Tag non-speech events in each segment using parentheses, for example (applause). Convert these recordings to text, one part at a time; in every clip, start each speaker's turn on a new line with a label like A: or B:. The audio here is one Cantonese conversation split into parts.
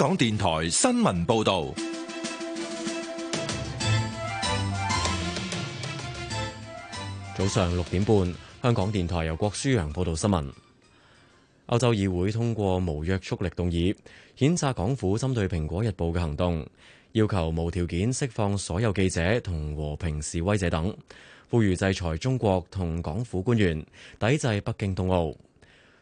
A: 香港電台新聞報道，
B: 早上六點半，香港電台由郭舒陽報道新聞。歐洲議會通過無約束力動議，譴責港府針對《蘋果日報》嘅行動，要求無條件釋放所有記者同和和平示威者等，呼籲制裁中國同港府官員，抵制北京冬奧。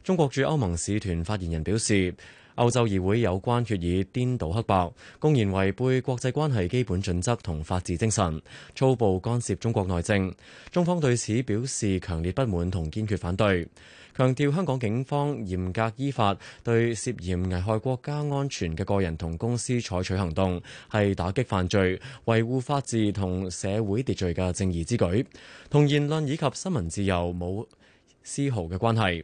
B: 中國駐歐盟使團發言人表示。歐洲議會有關決議顛倒黑白，公然違背國際關係基本準則同法治精神，粗暴干涉中國內政。中方對此表示強烈不滿同堅決反對，強調香港警方嚴格依法對涉嫌危害國家安全嘅個人同公司採取行動，係打擊犯罪、維護法治同社會秩序嘅正義之舉，同言論以及新聞自由冇絲毫嘅關係。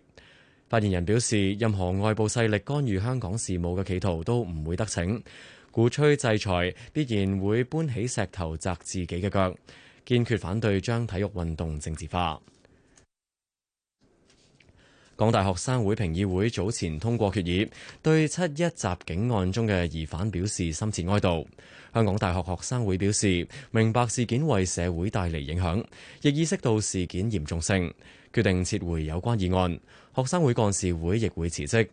B: 發言人表示，任何外部勢力干預香港事務嘅企圖都唔會得逞，鼓吹制裁必然會搬起石頭砸自己嘅腳，堅決反對將體育運動政治化。港大學生會評議會早前通過決議，對七一襲警案中嘅疑犯表示深切哀悼。香港大學學生會表示，明白事件為社會帶嚟影響，亦意識到事件嚴重性，決定撤回有關議案。學生會幹事會亦會辭職。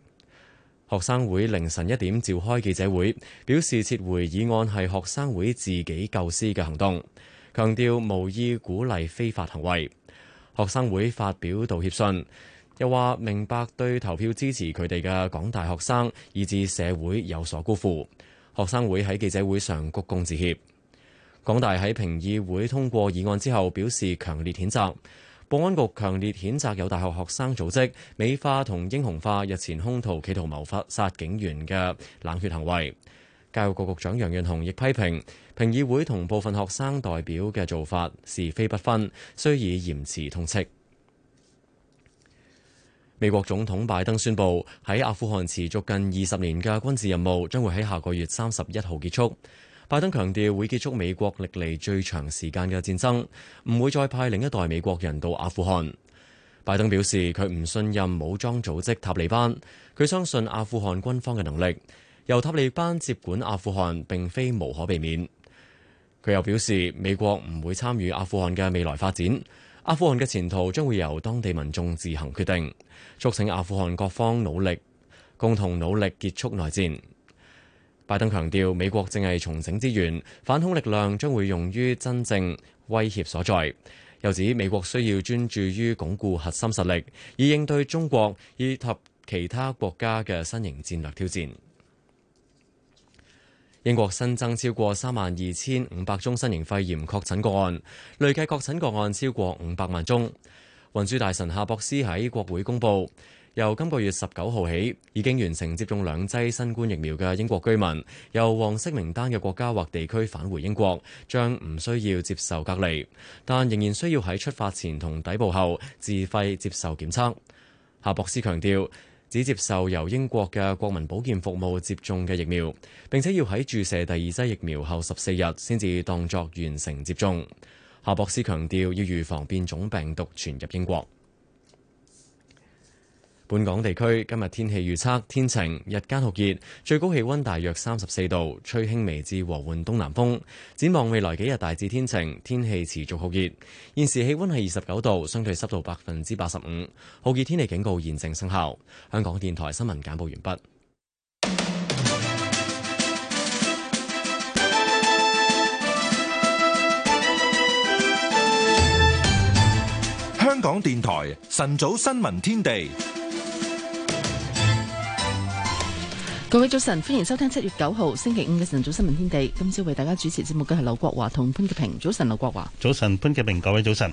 B: 學生會凌晨一點召開記者會，表示撤回議案係學生會自己構思嘅行動，強調無意鼓勵非法行為。學生會發表道歉信，又話明白對投票支持佢哋嘅廣大學生以至社會有所辜負。學生會喺記者會上鞠躬致歉。港大喺評議會通過議案之後，表示強烈譴責。保安局強烈譴責有大學學生組織美化同英雄化日前兇徒企圖謀殺警員嘅冷血行為。教育局局長楊潤雄亦批評評議會同部分學生代表嘅做法是非不分，需以嚴詞痛斥。美國總統拜登宣布，喺阿富汗持續近二十年嘅軍事任務將會喺下個月三十一號結束。拜登強調會結束美國歷來最長時間嘅戰爭，唔會再派另一代美國人到阿富汗。拜登表示，佢唔信任武裝組織塔利班，佢相信阿富汗軍方嘅能力。由塔利班接管阿富汗並非無可避免。佢又表示，美國唔會參與阿富汗嘅未來發展，阿富汗嘅前途將會由當地民眾自行決定。促請阿富汗各方努力，共同努力結束內戰。拜登強調，美國正係重整資源，反恐力量將會用於真正威脅所在。又指美國需要專注於鞏固核心實力，以應對中國以及其他國家嘅新型戰略挑戰。英國新增超過三萬二千五百宗新型肺炎確診個案，累計確診個案超過五百萬宗。運輸大臣夏博斯喺國會公布。由今個月十九號起，已經完成接種兩劑新冠疫苗嘅英國居民，由黃色名單嘅國家或地區返回英國，將唔需要接受隔離，但仍然需要喺出發前同抵埗後自費接受檢測。夏博斯強調，只接受由英國嘅國民保健服務接種嘅疫苗，並且要喺注射第二劑疫苗後十四日先至當作完成接種。夏博斯強調，要預防變種病毒傳入英國。本港地區今日天氣預測，天晴，日間酷熱，最高氣溫大約三十四度，吹輕微至和緩東南風。展望未來幾日大致天晴，天氣持續酷熱。現時氣溫係二十九度，相對濕度百分之八十五，酷熱天氣警告現正生效。香港電台新聞簡報完畢。
A: 香港電台晨早新聞天地。
C: 各位早晨，歡迎收聽七月九號星期五嘅晨早新聞天地。今
D: 朝為大家主持節目嘅係劉國華同潘潔平。早晨，劉國華。早晨，潘潔平。各位早晨。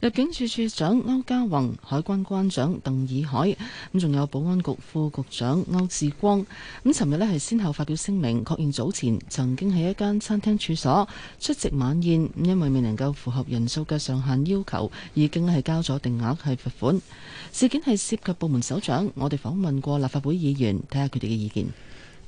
C: 入境處處長歐家宏、海關關長鄧以海，咁仲有保安局副局長歐志光，咁尋日呢係先後發表聲明，確認早前曾經喺一間餐廳處所出席晚宴，因為未能夠符合人數嘅上限要求，已經係交咗定額係罰款。事件係涉及部門首長，我哋訪問過立法會議員，睇下佢哋嘅意見。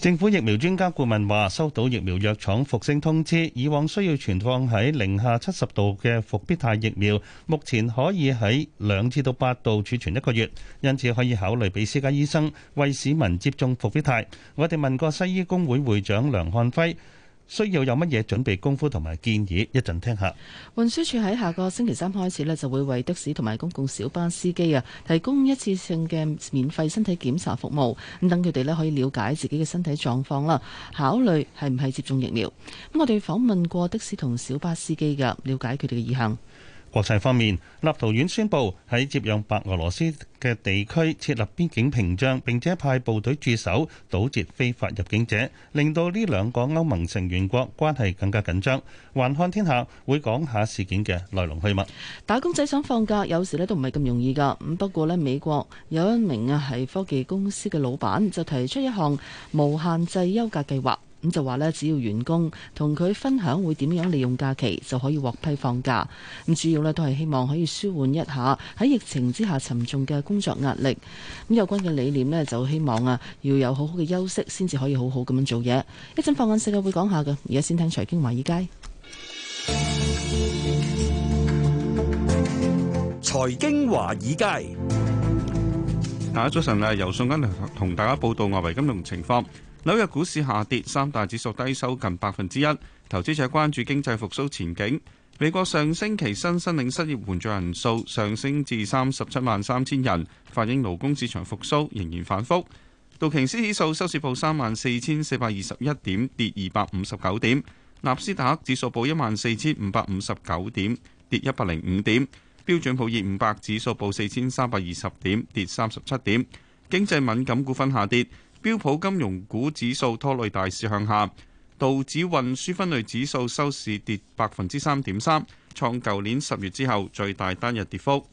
D: 政府疫苗專家顧問話：收到疫苗藥廠復星通知，以往需要存放喺零下七十度嘅復必泰疫苗，目前可以喺兩至到八度儲存一個月，因此可以考慮俾私家醫生為市民接種復必泰。我哋問過西醫工會會長梁漢輝。需要有乜嘢準備功夫同埋建議？一陣聽下。
C: 運輸署喺下個星期三開始咧，就會為的士同埋公共小巴司機啊，提供一次性嘅免費身體檢查服務，咁等佢哋咧可以了解自己嘅身體狀況啦，考慮係唔係接種疫苗。咁我哋訪問過的士同小
D: 巴司機嘅，了解佢哋嘅意向。國際方面，立陶宛宣布喺接壤白俄羅斯嘅地區設立邊境屏障，並且派部隊駐守，堵截非法入境者，令到呢兩個歐盟成員國關係更加緊張。環看天下，會講下事件嘅來龍去脈。
C: 打工仔想放假，有時咧都唔係咁容易㗎。咁不過咧，美國有一名啊係科技公司嘅老闆，就提出一項無限制休假計劃。咁就話咧，只要員工同佢分享會點樣利用假期，就可以獲批放假。咁主要咧都係希望可以舒緩一下喺疫情之下沉重嘅工作壓力。咁有關嘅理念咧，就希望啊要有好好嘅休息，先至可以好好咁樣做嘢。一陣放眼世界會講下㗎，而家先聽財經華爾街。
E: 財經華爾街，大家早晨啊！由宋恩同大家報道外圍金融情況。紐約股市下跌，三大指數低收近百分之一，投資者關注經濟復甦前景。美國上星期新申領失業援助人數上升至三十七萬三千人，反映勞工市場復甦仍然反覆。道瓊斯指數收市報三萬四千四百二十一點，跌二百五十九點；納斯達克指數報一萬四千五百五十九點，跌一百零五點；標準普爾五百指數報四千三百二十點，跌三十七點。經濟敏感股份下跌。標普金融股指數拖累大市向下，道指運輸分類指數收市跌百分之三點三，創舊年十月之後最大單日跌幅。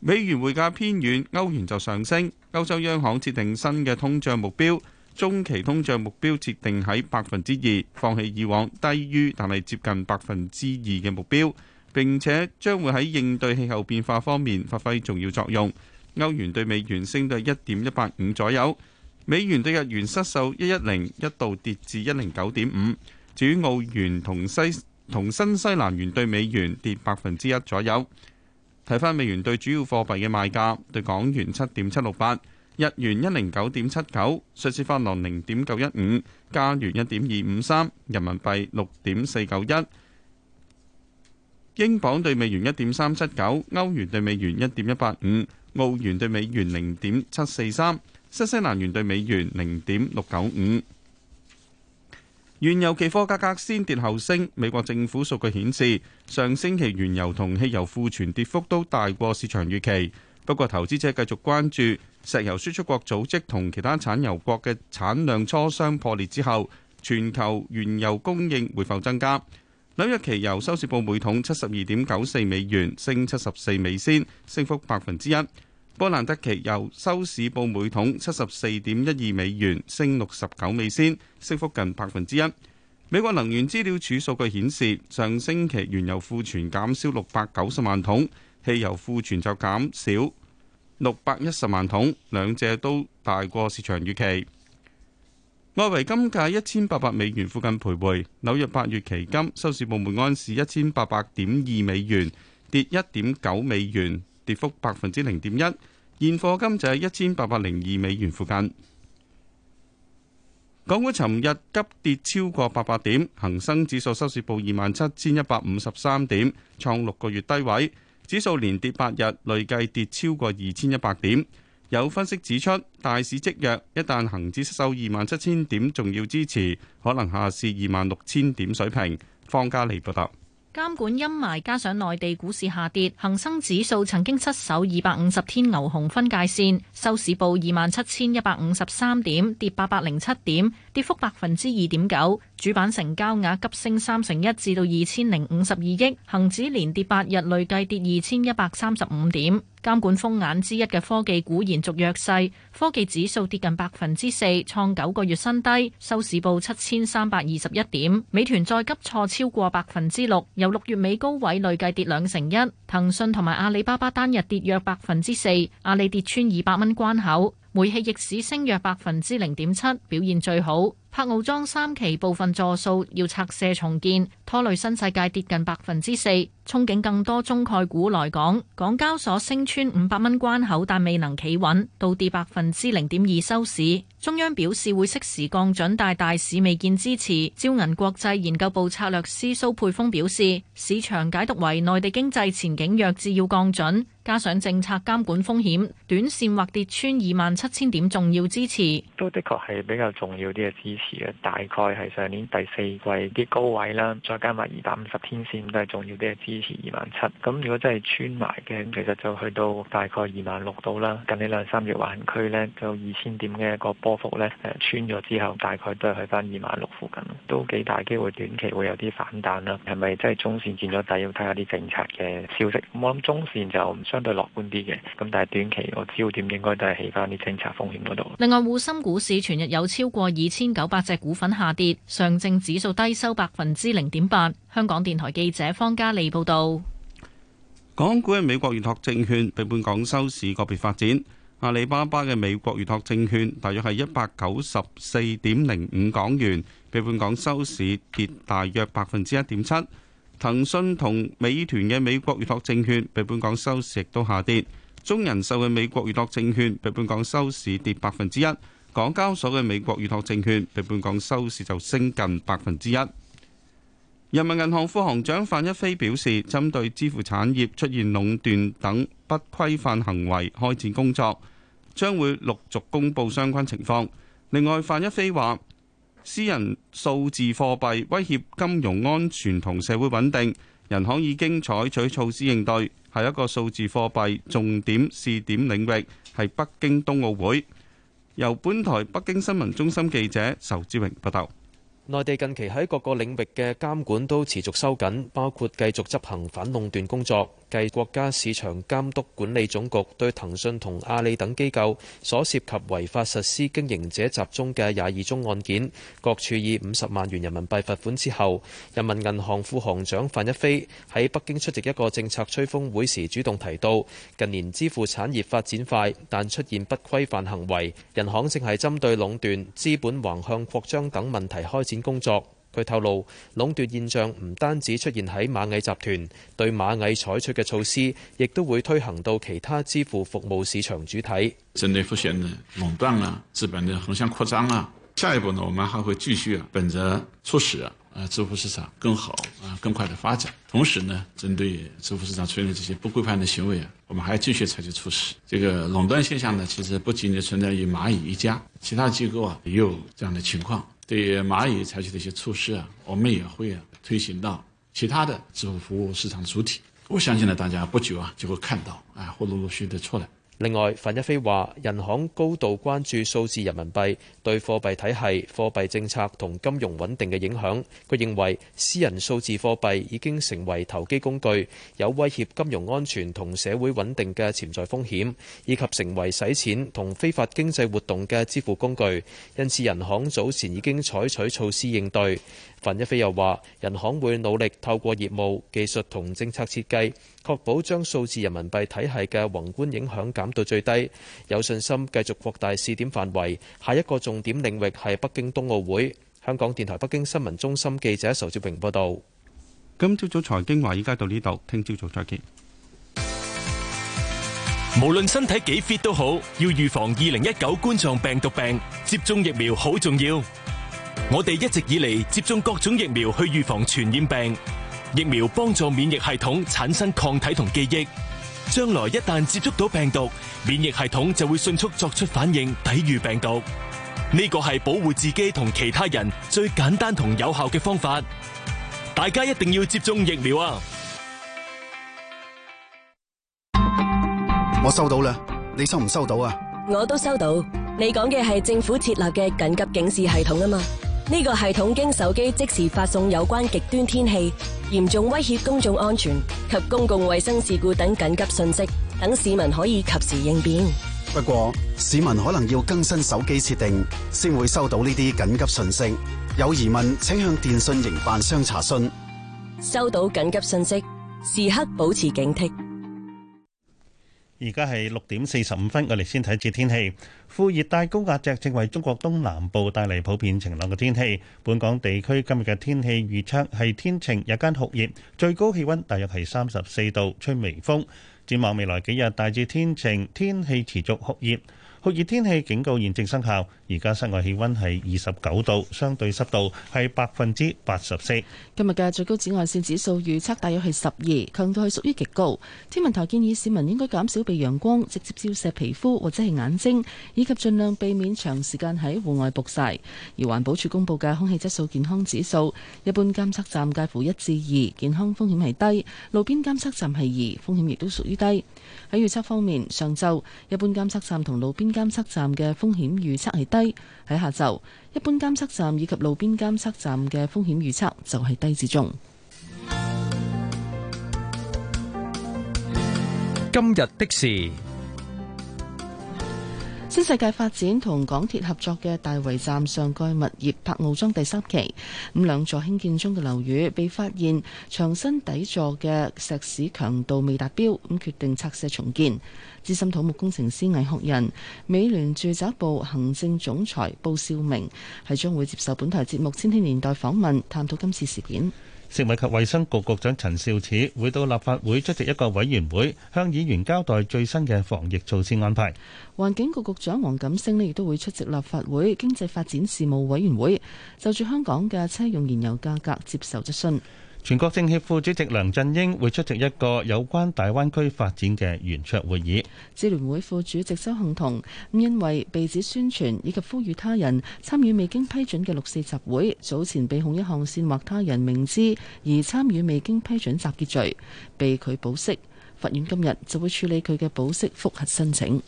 E: 美元匯價偏軟，歐元就上升。歐洲央行設定新嘅通脹目標，中期通脹目標設定喺百分之二，放棄以往低於但係接近百分之二嘅目標，並且將會喺應對氣候變化方面發揮重要作用。歐元對美元升到一點一八五左右，美元對日元失守一一零，一度跌至一零九點五。至於澳元同西同新西蘭元對美元跌百分之一左右。睇翻美元對主要貨幣嘅賣價，對港元七點七六八，日元一零九點七九，瑞士法郎零點九一五，加元一點二五三，人民幣六點四九一，英鎊對美元一點三七九，歐元對美元一點一八五。澳元兌美元零點七四三，新西蘭元兌美元零點六九五。原油期貨價格先跌後升。美國政府數據顯示，上星期原油同汽油庫存跌幅都大過市場預期。不過，投資者繼續關注石油輸出國組織同其他產油國嘅產量磋商破裂之後，全球原油供應會否增加。紐約期油收市報每桶七十二點九四美元，升七十四美仙，升幅百分之一。波蘭德旗油收市報每桶七十四點一二美元，升六十九美仙，升幅近百分之一。美國能源資料處數據顯示，上星期原油庫存減少六百九十萬桶，汽油庫存就減少六百一十萬桶，兩者都大過市場預期。外圍金價一千八百美元附近徘徊，紐約八月期金收市報每盎司一千八百點二美元，跌一點九美元。跌幅百分之零點一，現貨金就喺一千八百零二美元附近。港股尋日急跌超過八百點，恒生指數收市報二萬七千一百五十三點，創六個月低位。指數連跌八日，累計跌超過二千一百點。有分析指出，大市積弱，一旦恒指收二萬七千點，仲要支持，可能下試二萬六千點水平。方家利報道。
F: 監管陰霾加上內地股市下跌，恒生指數曾經失守二百五十天牛熊分界線，收市報二萬七千一百五十三點，跌八百零七點，跌幅百分之二點九。主板成交額急升三成一，至到二千零五十二億。恒指連跌八日，累計跌二千一百三十五點。監管風眼之一嘅科技股延續弱勢，科技指數跌近百分之四，創九個月新低，收市報七千三百二十一點。美團再急挫超過百分之六，由六月尾高位累計跌兩成一。騰訊同埋阿里巴巴單日跌約百分之四，阿里跌穿二百蚊關口。煤氣逆市升約百分之零點七，表現最好。柏傲莊三期部分座數要拆卸重建，拖累新世界跌近百分之四。憧憬更多中概股來港，港交所升穿五百蚊關口，但未能企穩，倒跌百分之零點二收市。中央表示會適時降準，但大，大市未見支持。招銀國際研究部策略師蘇佩峰表示，市場解讀為內地經濟前景弱至要降準，加上政策監管風險，短線或跌穿二萬七千點重要支持。都
G: 的確係比較重要啲嘅支持嘅，大概係上年第四季啲高位啦，再加埋二百五十天線都係重要啲嘅支持二萬七，咁如果真係穿埋嘅，其實就去到大概二萬六度啦。近呢兩三月橫區咧，就2000點嘅一個波幅呢，誒，穿咗之後，大概都係去翻二萬六附近，都幾大機會短期會有啲反彈啦。係咪即係中線見咗底，要睇下啲政策嘅消息？咁我諗中線就相對樂觀啲嘅，咁但係短期我焦點應該都係起翻啲政策風險嗰度。
F: 另外，滬深股市全日有超過二千九百隻股份下跌，上證指數低收百分之零點八。香港電台記者方嘉利報導。
E: 港股嘅美國預託證券折合港元收市個別發展。阿里巴巴嘅美國預託證券大約係一百九十四點零五港元，比本港收市跌大約百分之一點七。騰訊同美團嘅美國預託證券比本港收市亦都下跌。中人壽嘅美國預託證券比本港收市跌百分之一。港交所嘅美國預託證券比本港收市就升近百分之一。人民銀行副行長范一飛表示，針對支付產業出現壟斷等不規範行為開展工作，將會陸續公布相關情況。另外，范一飛話：私人數字貨幣威脅金融安全同社會穩定，人行已經採取措施應對。下一個數字貨幣重點試點領域係北京冬奧會。由本台北京新聞中心記者仇志榮報道。內地近期喺各個領域嘅監管都持
H: 續收緊，包括繼續執行反壟斷工作。繼國家市場監督管理總局對騰訊同阿里等機構所涉及違法實施經營者集中嘅廿二宗案件，各處以五十萬元人民幣罰款之後，人民銀行副行長范一飛喺北京出席一個政策吹風會時主動提到，近年支付產業發展快，但出現不規範行為，人行正係針對壟斷、資本橫向擴張等問題開展工作。佢透露，壟斷現象唔單止出現喺螞蟻集團，對螞蟻採取嘅措施，亦都會推行到其他支付服務市場主體。針對目前的壟斷啊，資本的橫向擴張
E: 啊，下一步呢，我們還會繼續啊，本着促使啊支付、啊、市場更好啊更快的發展。同時呢，針對支付市場出現的這些不規範的行為啊，我們還要繼續採取措施。這個壟斷現象呢，其實不僅僅存在於螞蟻一家，其他機構啊也有這樣的情況。對螞蟻採取的一些措施啊，我們也會啊，推行到其他的支付服務市場主體。我相信呢，大家不久啊就會看到，啊，哎，會陸陸續續的出來。
H: 另外，范一飛話：人行高度關注數字人民幣對貨幣體系、貨幣政策同金融穩定嘅影響。佢認為私人數字貨幣已經成為投機工具，有威脅金融安全同社會穩定嘅潛在風險，以及成為洗錢同非法經濟活動嘅支付工具。因此，人行早前已經採取措施應對。范一飛又話：人行會努力透過業務、技術同政策設計，確保將數字人民幣體系嘅宏觀影響減到最低，有信心繼續擴大試點範圍。下一個重點領域係北京冬奧會。香港電台北京新聞中心記者仇志平報道。
E: 今朝早財經話依家到呢度，聽朝早再見。無論身體幾 fit 都好，要預防二零一九冠狀病毒病，接種疫
B: 苗好重要。我哋一直以嚟接種各種疫苗去預防傳染病，疫苗幫助免疫系統產生抗體同記憶。將來一旦接觸到病毒，免疫系統就會迅速作出反應，抵御病毒。呢個係保護自己同其他人最簡單同有效嘅方法。大家一定要接種疫苗啊！我收到啦，你收唔收到啊？
F: 我都收到。你講嘅係政府設立嘅緊急警示系統啊嘛。呢個系統經手機即時發送有關極端天氣、嚴重威脅公眾安全及公共衛生事故等緊急信息，等市民可以及時應變。不
B: 過，市民可能要更新手機設定，先
H: 會收到呢啲緊急訊息。有疑問，請向電信營辦商查詢。
F: 收到緊急信息，時刻保持警惕。
D: 而家係六點四十五分，我哋先睇一次天氣。副熱帶高壓脊正為中國東南部帶嚟普遍晴朗嘅天氣。本港地區今日嘅天氣預測係天晴，日間酷熱，最高氣溫大約係三十四度，吹微風。展望未來幾日，大致天晴，天氣持續酷熱。酷熱天氣警告現正生效，而家室外氣溫係二十九度，相對濕度係百分之八十四。
C: 今日嘅最高紫外線指數預測大約係十二，強度係屬於極高。天文台建議市民應該減少被陽光直接照射皮膚或者係眼睛，以及盡量避免長時間喺戶外曝曬。而環保署公布嘅空氣質素健康指數，一般監測站介乎一至二，健康風險係低；路邊監測站係二，風險亦都屬於低。喺預測方面，上晝一般監測站同路邊監測站嘅風險預測係低；喺下晝，一般監測站以及路邊監測站嘅風險預測就係低至中。
H: 今日的事。
C: 新世界發展同港鐵合作嘅大圍站上蓋物業柏傲莊第三期，咁兩座興建中嘅樓宇被發現牆身底座嘅石屎強度未達標，咁決定拆卸重建。資深土木工程師魏學仁、美聯住宅部行政總裁布少明係將會接受本台節目《千禧年代》訪問，探討今次事件。
D: 食物及衛生局局長陳肇始會到立法會出席一個委員會，向議員交代最新嘅防疫措施安排。
C: 環境局局長黃錦星呢亦都會出席立法會經濟發展事務委員會，就住香港嘅車用燃油價格接受質詢。
D: 全國政協副主席梁振英會出席一個有關大灣區發展嘅圓桌會議。
C: 智聯會副主席周幸彤因為被指宣傳以及呼籲他人參與未經批准嘅六四集會，早前被控一項煽惑他人明知而參與未經批准集結罪，被拒保釋。法院今日就會處理佢嘅保釋復核申請。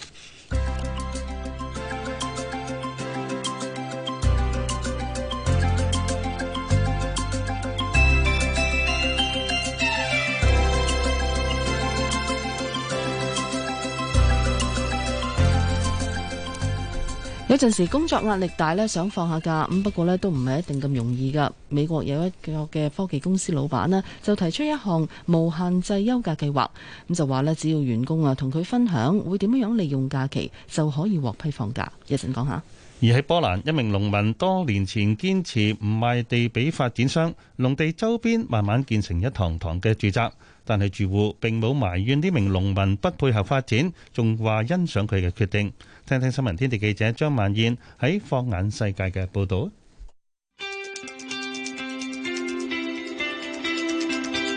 C: 有陣時工作壓力大咧，想放下假咁，不過咧都唔係一定咁容易㗎。美國有一個嘅科技公司老闆呢，就提出一項無限制休假計劃，咁就話咧，只要員工啊同佢分享會點樣樣利用假期，就可以獲批放假。一陣講下。
D: 而喺波蘭，一名農民多年前堅持唔賣地俾發展商，農地周邊慢慢建成一堂堂嘅住宅，但係住戶並冇埋怨呢名農民不配合發展，仲話欣賞佢嘅決定。聽聽新聞天地記者張萬燕喺放眼世界嘅報道。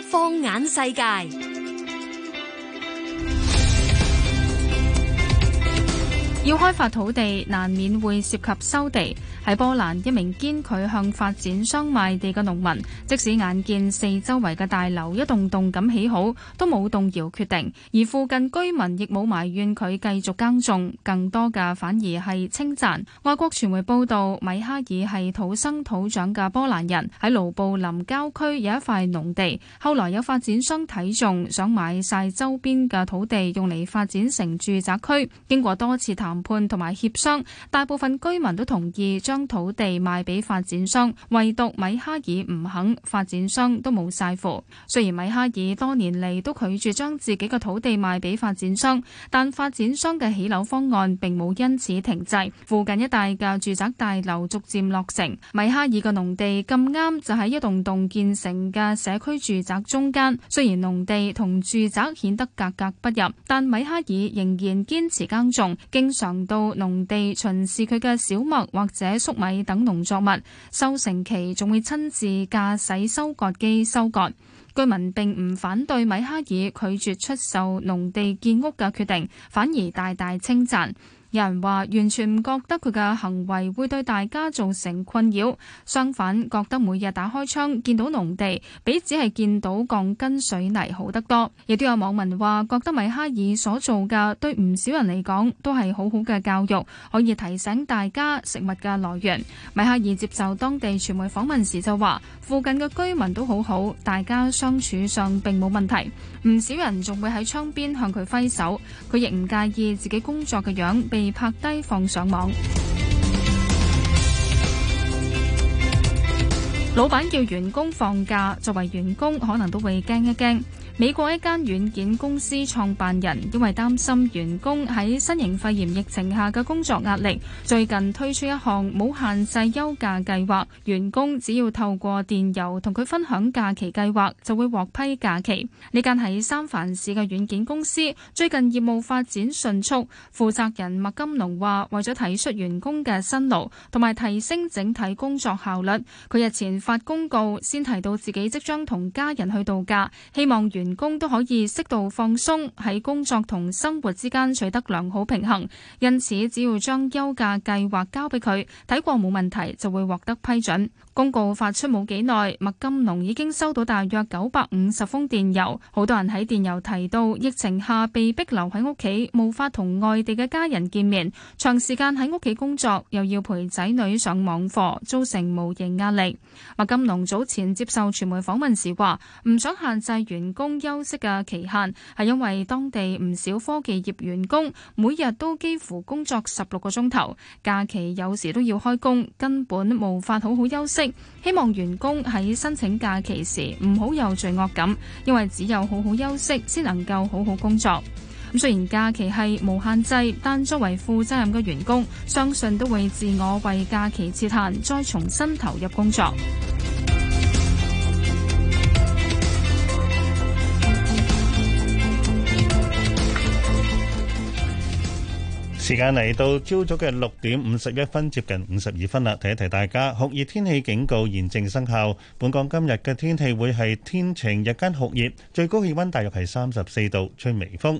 I: 放眼世界，要開發土地，難免會涉及收地。喺波蘭，一名堅拒向發展商賣地嘅農民，即使眼見四周圍嘅大樓一棟棟咁起好，都冇動搖決定。而附近居民亦冇埋怨佢繼續耕種，更多嘅反而係稱讚。外國傳媒報道，米哈爾係土生土長嘅波蘭人，喺盧布林郊區有一塊農地。後來有發展商睇中，想買晒周邊嘅土地用嚟發展成住宅區，經過多次談判同埋協商，大部分居民都同意將。將土地賣俾發展商，唯獨米哈爾唔肯，發展商都冇晒符。雖然米哈爾多年嚟都拒絕將自己嘅土地賣俾發展商，但發展商嘅起樓方案並冇因此停滯。附近一帶嘅住宅大樓逐漸落成，米哈爾嘅農地咁啱就喺一棟棟建成嘅社區住宅中間。雖然農地同住宅顯得格格不入，但米哈爾仍然堅持耕種，經常到農地巡視佢嘅小麥或者。粟米等農作物收成期，仲會親自駕駛收割機收割。居民並唔反對米哈爾拒絕出售農地建屋嘅決定，反而大大稱讚。有人話完全唔覺得佢嘅行為會對大家造成困擾，相反覺得每日打開窗見到農地，比只係見到鋼筋水泥好得多。亦都有網民話覺得米哈爾所做嘅對唔少人嚟講都係好好嘅教育，可以提醒大家食物嘅來源。米哈爾接受當地傳媒訪問時就話：附近嘅居民都好好，大家相處上並冇問題。唔少人仲會喺窗邊向佢揮手，佢亦唔介意自己工作嘅樣拍低放上網，老闆叫員工放假，作為員工可能都會驚一驚。美國一間軟件公司創辦人因為擔心員工喺新型肺炎疫情下嘅工作壓力，最近推出一項冇限制休假計劃，員工只要透過電郵同佢分享假期計劃，就會獲批假期。呢間喺三藩市嘅軟件公司最近業務發展迅速，負責人麥金龍話：為咗體恤員工嘅辛勞同埋提升整體工作效率，佢日前發公告先提到自己即將同家人去度假，希望員員工都可以適度放鬆，喺工作同生活之間取得良好平衡，因此只要將休假計劃交俾佢睇過冇問題，就會獲得批准。公告發出冇幾耐，麥金龍已經收到大約九百五十封電郵，好多人喺電郵提到疫情下被逼留喺屋企，無法同外地嘅家人見面，長時間喺屋企工作又要陪仔女上網課，造成無形壓力。麥金龍早前接受傳媒訪問時話：唔想限制員工休息嘅期限係因為當地唔少科技業員工每日都幾乎工作十六個鐘頭，假期有時都要開工，根本無法好好休息。希望員工喺申請假期時唔好有罪惡感，因為只有好好休息，先能夠好好工作。咁雖然假期係無限制但作為負責任嘅員工，相信都會自我為假期設限，再重新投入工作。
D: 時間嚟到朝早嘅六點五十一分，接近五十二分啦。提一提大家，酷熱天氣警告現正生效。本港今日嘅天氣會係天晴，日間酷熱，最高氣溫大約係三十四度，吹微風。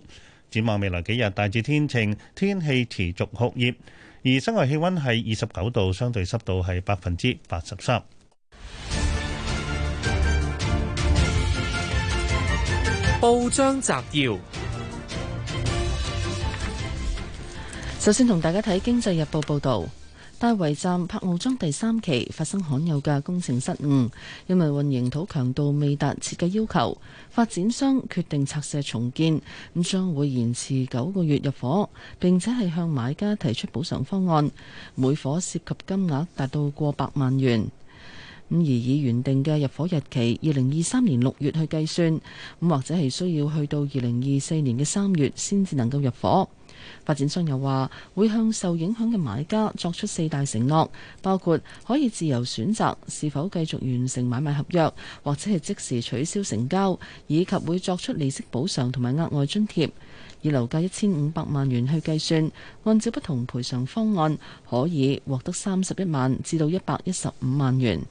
D: 展望未來幾日，大致天晴，天氣持續酷熱，而室外氣溫係二十九度，相對濕度係百分之八十三。報章摘要。
C: 首先同大家睇《經濟日報》報導，大圍站柏傲莊第三期發生罕有嘅工程失誤，因為混凝土強度未達設計要求，發展商決定拆卸重建，咁將會延遲九個月入伙，並且係向買家提出補償方案，每伙涉及金額達到過百萬元。咁而以原定嘅入伙日期二零二三年六月去計算，咁或者係需要去到二零二四年嘅三月先至能夠入伙。發展商又話會向受影響嘅買家作出四大承諾，包括可以自由選擇是否繼續完成買賣合約，或者係即時取消成交，以及會作出利息補償同埋額外津貼。以樓價一千五百萬元去計算，按照不同賠償方案，可以獲得三十一萬至到一百一十五萬元。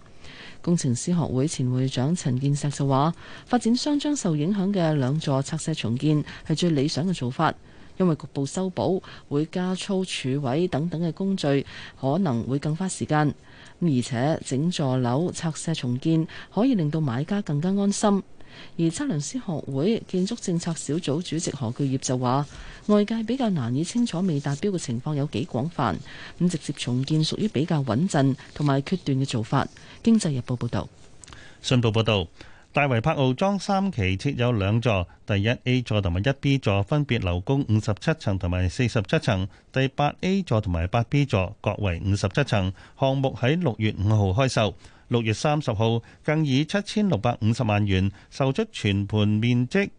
C: 工程師學會前會長陳建石就話：發展商將受影響嘅兩座拆卸重建係最理想嘅做法。因為局部修補會加粗柱位等等嘅工序，可能會更花時間。而且整座樓拆卸重建，可以令到買家更加安心。而測量師學會建築政策小組主席何巨業就話：外界比較難以清楚未達標嘅情況有幾廣泛。咁直接重建屬於比較穩陣同埋決斷嘅做法。經濟日報報道。
D: 信報報道。大圍柏傲莊三期設有兩座，第一 A 座同埋一 B 座，分別樓高五十七層同埋四十七層；第八 A 座同埋八 B 座，各為五十七層。項目喺六月五號開售，六月三十號更以七千六百五十萬元售出全盤面積，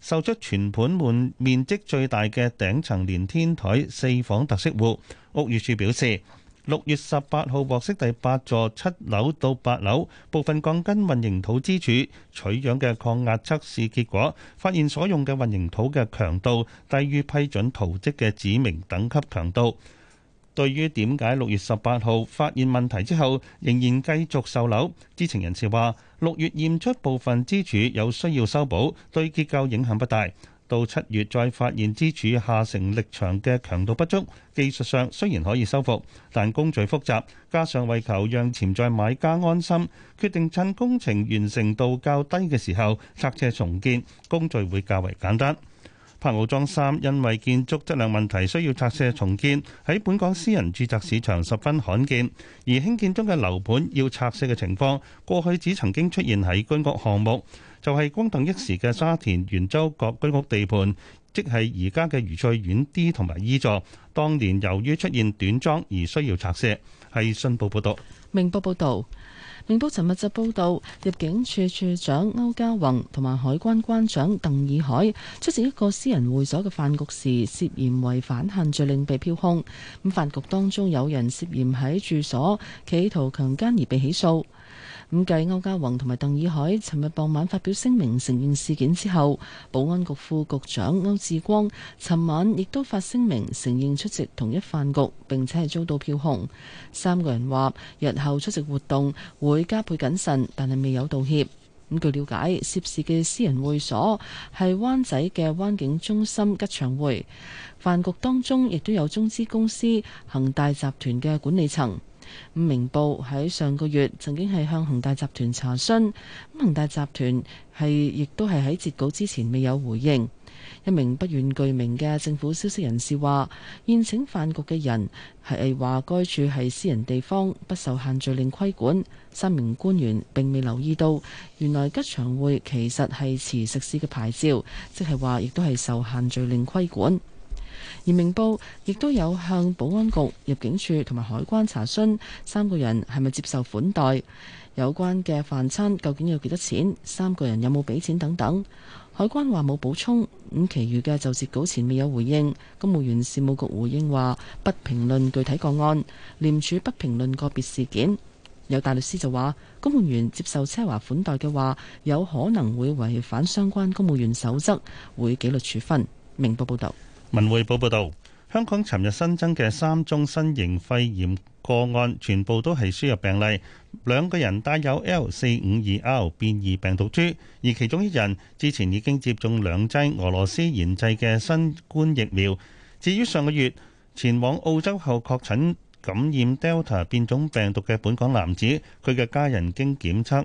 D: 售出全盤面面積最大嘅頂層連天台四房特色戶。屋宇署表示。六月十八號獲悉第八座七樓到八樓部分鋼筋混凝土支柱取樣嘅抗壓測試結果，發現所用嘅混凝土嘅強度低於批准圖則嘅指明等級強度。對於點解六月十八號發現問題之後，仍然繼續售樓，知情人士話：六月驗出部分支柱有需要修補，對結構影響不大。到七月再發現支柱下承力牆嘅強度不足，技術上雖然可以修復，但工序複雜，加上為求讓潛在買家安心，決定趁工程完成度較低嘅時候拆卸重建，工序會較為簡單。柏傲莊三因為建築質量問題需要拆卸重建，喺本港私人住宅市場十分罕見，而興建中嘅樓盤要拆卸嘅情況，過去只曾經出現喺軍國項目。就係轟動一時嘅沙田圓洲角居屋地盤，即係而家嘅愉翠苑 D 同埋 E 座，當年由於出現短樁而需要拆卸。係信報報，報報道，
C: 明報報導，明報尋日就報導入境處，處處長區嘉宏同埋海關關長鄧以海出席一個私人會所嘅飯局時，涉嫌違反限聚令被票控。咁飯局當中有人涉嫌喺住所企圖強姦而被起訴。咁繼區嘉宏同埋鄧以海尋日傍晚發表聲明承認事件之後，保安局副局長區志光尋晚亦都發聲明承認出席同一飯局，並且係遭到票控。三個人話，日後出席活動會加倍謹慎，但係未有道歉。咁據了解，涉事嘅私人會所係灣仔嘅灣景中心吉祥會，飯局當中，亦都有中資公司恒大集團嘅管理層。五明報喺上個月曾經係向恒大集團查詢，恒大集團係亦都係喺截稿之前未有回應。一名不願具名嘅政府消息人士話：宴請飯局嘅人係話該處係私人地方，不受限聚令規管。三名官員並未留意到，原來吉祥會其實係持食肆嘅牌照，即係話亦都係受限聚令規管。而明報亦都有向保安局、入境處同埋海關查詢三個人係咪接受款待，有關嘅飯餐究竟有幾多錢，三個人有冇俾錢等等。海關話冇補充，咁其餘嘅就截稿前未有回應。公務員事務局回應話不評論具體個案，廉署不評論個別事件。有大律師就話，公務員接受奢華款待嘅話，有可能會違反相關公務員守則，會紀律處分。明報報道。
D: 文匯報報道，香港尋日新增嘅三宗新型肺炎個案，全部都係輸入病例，兩個人帶有 L 四五二 R 變異病毒株，而其中一人之前已經接種兩劑俄羅斯研製嘅新冠疫苗。至於上個月前往澳洲後確診感染 Delta 變種病毒嘅本港男子，佢嘅家人經檢測。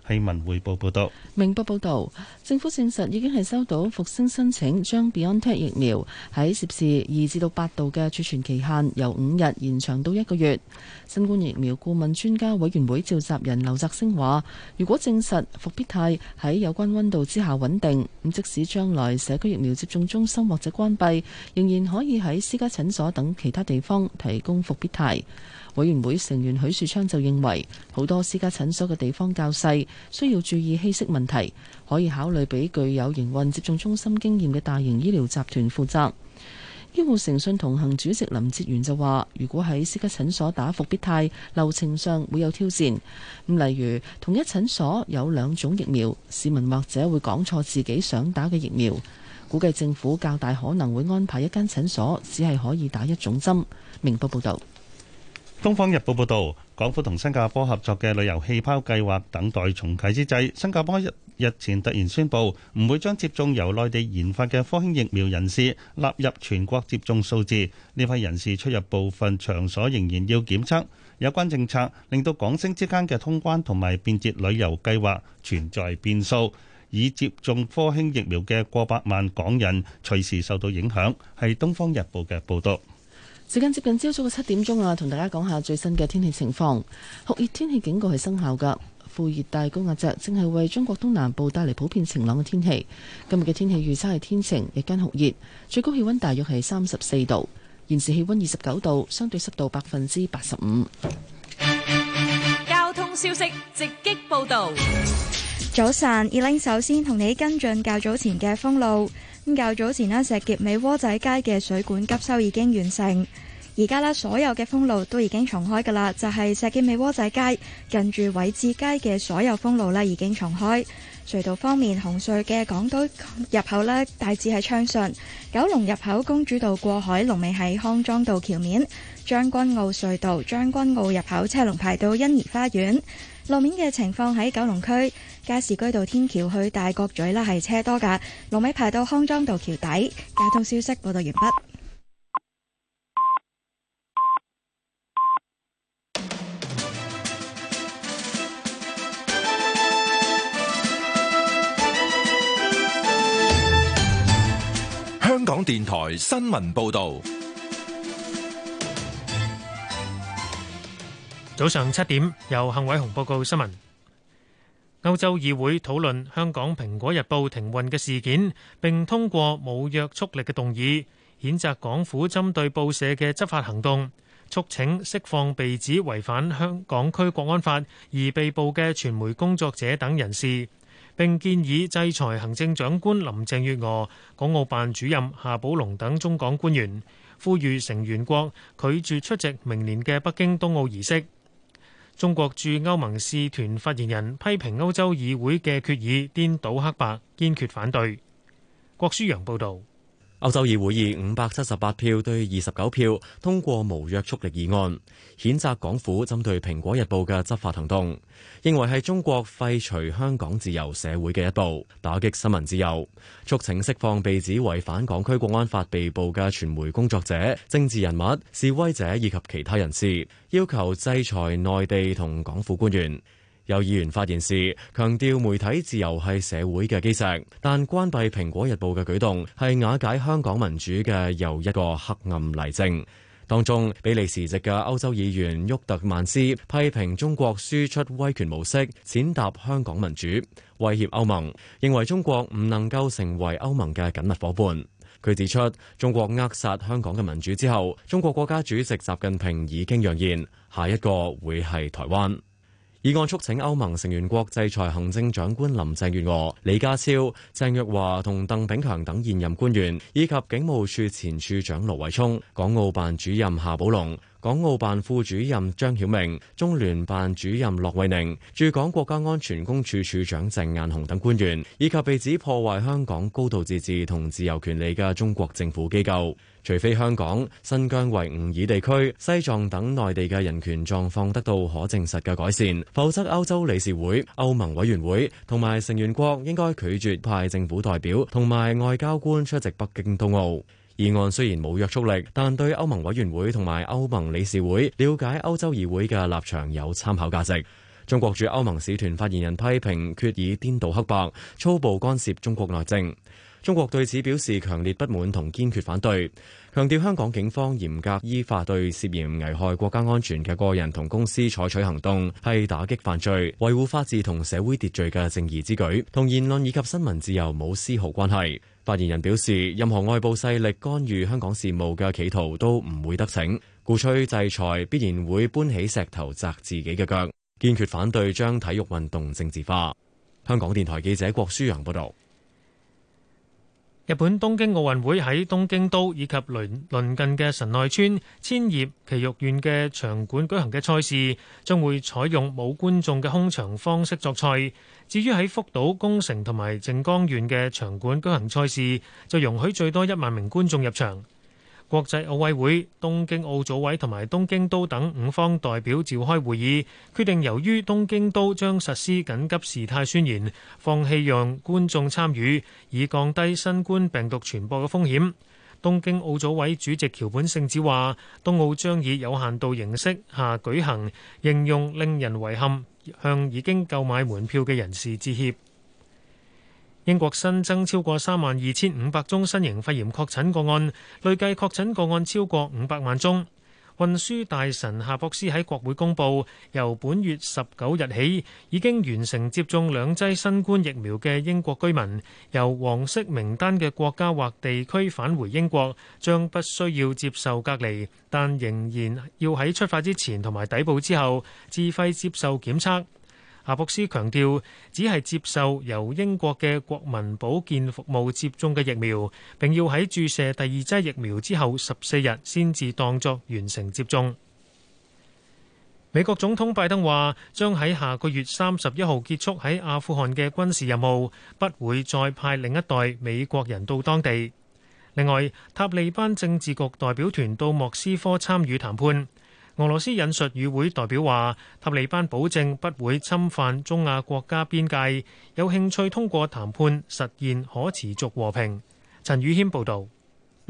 D: 《
C: 明報》報道，政府證實已經係收到復星申請，將 Biontech 疫苗喺攝氏二至到八度嘅儲存期限由五日延長到一個月。新冠疫苗顧問專家委員會召集人劉澤星話，如果證實復必泰喺有關温度之下穩定，咁即使將來社區疫苗接種中心或者關閉，仍然可以喺私家診所等其他地方提供復必泰。委員會成員許樹昌就認為，好多私家診所嘅地方較細，需要注意稀釋問題，可以考慮俾具有營運接種中心經驗嘅大型醫療集團負責。醫護誠信同行主席林哲元就話，如果喺私家診所打復必泰，流程上會有挑戰，例如同一診所有兩種疫苗，市民或者會講錯自己想打嘅疫苗。估計政府較大可能會安排一間診所，只係可以打一種針。明報報導。
D: 《東方日報》報道，港府同新加坡合作嘅旅遊氣泡計劃等待重啟之際，新加坡日日前突然宣佈，唔會將接種由內地研發嘅科興疫苗人士納入全國接種數字。呢批人士出入部分場所仍然要檢測，有關政策令到港星之間嘅通關同埋便捷旅遊計劃存在變數，已接種科興疫苗嘅過百萬港人隨時受到影響，係《東方日報》嘅報道。
C: 時間接近朝早嘅七點鐘啊，同大家講下最新嘅天氣情況。酷熱天氣警告係生效噶，副熱帶高壓脊正係為中國東南部帶嚟普遍晴朗嘅天氣。今日嘅天氣預測係天晴，日間酷熱，最高氣溫大約係三十四度，現時氣溫二十九度，相對濕度百分之八十五。
F: 交通消息直擊報道。
J: 早晨，Eling，首先同你跟進較早前嘅封路。咁較早前咧，石硖尾窩仔街嘅水管急修已經完成，而家啦，所有嘅封路都已經重開噶啦，就係、是、石硖尾窩仔街近住偉智街嘅所有封路呢已經重開。隧道方面，紅隧嘅港島入口呢，大致喺暢順，九龍入口公主道過海龍尾喺康莊道橋面，將軍澳隧道將軍澳入口車龍排到欣怡花園，路面嘅情況喺九龍區，加士居道天橋去大角咀啦，係車多噶，路尾排到康莊道橋底。交通消息報道完畢。
A: 香港電台新聞報道，
K: 早上七點由幸偉雄報告新聞。歐洲議會討論香港《蘋果日報》停運嘅事件，並通過冇約束力嘅動議，譴責港府針對報社嘅執法行動，促請釋放被指違反香港區國安法而被捕嘅傳媒工作者等人士，並建議制裁行政長官林鄭月娥、港澳辦主任夏寶龍等中港官員，呼籲成員國拒絕出席明年嘅北京冬奧儀式。中國駐歐盟使團發言人批評歐洲議會嘅決議顛倒黑白，堅決反對。郭書洋報道。
B: 歐洲議會議五百七十八票對二十九票通過無約束力議案，譴責港府針對《蘋果日報》嘅執法行動，認為係中國廢除香港自由社會嘅一步，打擊新聞自由，促請釋放被指違反港區國安法被捕嘅傳媒工作者、政治人物、示威者以及其他人士，要求制裁內地同港府官員。有議員發言時強調，媒體自由係社會嘅基石，但關閉《蘋果日報》嘅舉動係瓦解香港民主嘅又一個黑暗例證。當中比利時籍嘅歐洲議員沃特曼斯批評中國輸出威權模式，踐踏香港民主，威脅歐盟，認為中國唔能夠成為歐盟嘅緊密伙伴。佢指出，中國扼殺香港嘅民主之後，中國國家主席習近平已經揚言，下一個會係台灣。議案促請歐盟成員國制裁行政長官林鄭月娥、李家超、鄭若驊同鄧炳強等現任官員，以及警務處前處長盧偉聰、港澳辦主任夏寶龍。港澳辦副主任張曉明、中聯辦主任駱惠寧、駐港國家安全公署署長鄭雁雄等官員，以及被指破壞香港高度自治同自由權利嘅中國政府機構，除非香港、新疆維吾爾地區、西藏等內地嘅人權狀況得到可證實嘅改善，否則歐洲理事會、歐盟委員會同埋成員國應該拒絕派政府代表同埋外交官出席北京冬奧。議案雖然冇約束力，但對歐盟委員會同埋歐盟理事會了解歐洲議會嘅立場有參考價值。中國駐歐盟使團發言人批評決議顛倒黑白、粗暴干涉中國內政。中國對此表示強烈不滿同堅決反對。強調香港警方嚴格依法對涉嫌危害國家安全嘅個人同公司採取行動，係打擊犯罪、維護法治同社會秩序嘅正義之舉，同言論以及新聞自由冇絲毫關係。發言人表示，任何外部勢力干預香港事務嘅企圖都唔會得逞，鼓吹制裁必然會搬起石頭砸自己嘅腳，堅決反對將體育運動政治化。香港電台記者郭舒揚報道，
K: 日本東京奧運會喺東京都以及鄰鄰近嘅神奈川、千葉、埼玉縣嘅場館舉行嘅賽事，將會採用冇觀眾嘅空場方式作賽。至於喺福島、宮城同埋靜岡縣嘅場館舉行賽事，就容許最多一萬名觀眾入場。國際奧委會、東京奧組委同埋東京都等五方代表召開會議，決定由於東京都將實施緊急事態宣言，放棄讓觀眾參與，以降低新冠病毒傳播嘅風險。東京奧組委主席橋本聖子話，東奧將以有限度形式下舉行，形容令人遺憾，向已經購買門票嘅人士致歉。英國新增超過三萬二千五百宗新型肺炎確診個案，累計確診個案超過五百萬宗。運輸大臣夏博斯喺國會公布，由本月十九日起，已經完成接種兩劑新冠疫苗嘅英國居民，由黃色名單嘅國家或地區返回英國，將不需要接受隔離，但仍然要喺出發之前同埋抵埗之後自費接受檢測。阿博斯強調，只係接受由英國嘅國民保健服務接種嘅疫苗，並要喺注射第二劑疫苗之後十四日先至當作完成接種。美國總統拜登話，將喺下個月三十一號結束喺阿富汗嘅軍事任務，不會再派另一代美國人到當地。另外，塔利班政治局代表團到莫斯科參與談判。俄羅斯引述與會代表話：塔利班保證不會侵犯中亞國家邊界，有興趣通過談判實現可持續和平。陳宇軒報導。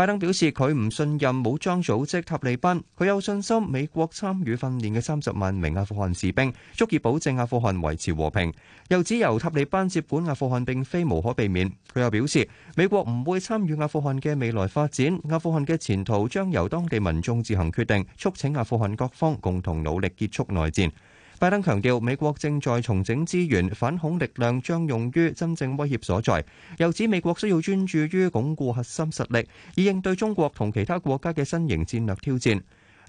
L: 拜登表示，佢唔信任武裝組織塔利班，佢有信心美國參與訓練嘅三十萬名阿富汗士兵足以保證阿富汗維持和平，又指由塔利班接管阿富汗並非無可避免。佢又表示，美國唔會參與阿富汗嘅未來發展，阿富汗嘅前途將由當地民眾自行決定，促請阿富汗各方共同努力結束內戰。拜登強調，美國正在重整資源，反恐力量將用於真正威脅所在。又指美國需要專注於鞏固核心實力，以應對中國同其他國家嘅新型戰略挑戰。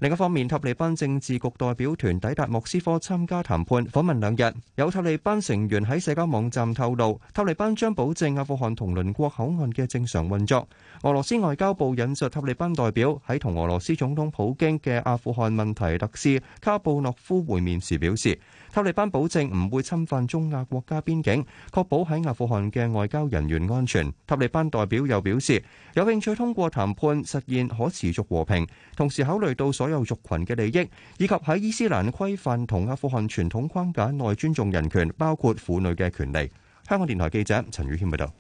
L: 另一方面，塔利班政治局代表團抵達莫斯科參加談判，訪問兩日。有塔利班成員喺社交網站透露，塔利班將保證阿富汗同鄰國口岸嘅正常運作。俄羅斯外交部引述塔利班代表喺同俄羅斯總統普京嘅阿富汗問題特使卡布諾夫會面時表示。塔利班保證唔會侵犯中亞國家邊境，確保喺阿富汗嘅外交人員安全。塔利班代表又表示，有興趣通過談判實現可持續和平，同時考慮到所有族群嘅利益，以及喺伊斯蘭規範同阿富汗傳統框架內尊重人權，包括婦女嘅權利。香港電台記者陳宇軒報道。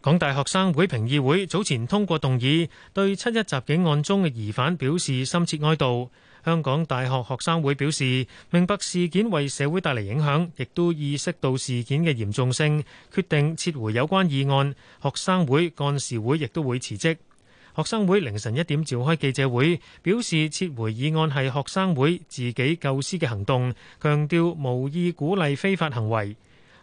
K: 港大學生會評議會早前通過動議，對七一襲警案中嘅疑犯表示深切哀悼。香港大學學生會表示，明白事件為社會帶嚟影響，亦都意識到事件嘅嚴重性，決定撤回有關議案。學生會幹事會亦都會辭職。學生會凌晨一點召開記者會，表示撤回議案係學生會自己構思嘅行動，強調無意鼓勵非法行為。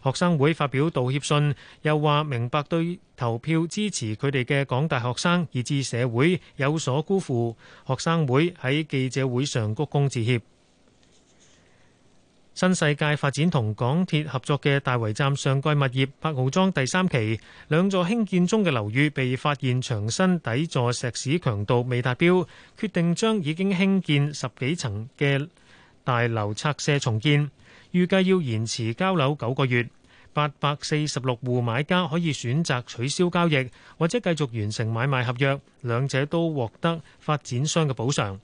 K: 學生會發表道歉信，又話明白對投票支持佢哋嘅港大學生以至社會有所辜負。學生會喺記者會上鞠躬致歉。新世界發展同港鐵合作嘅大圍站上蓋物業柏傲莊第三期，兩座興建中嘅樓宇被發現牆身底座石屎強度未達標，決定將已經興建十幾層嘅大樓拆卸重建。預計要延遲交樓九個月，八百四十六戶買家可以選擇取消交易，或者繼續完成買賣合約，兩者都獲得發展商嘅補償。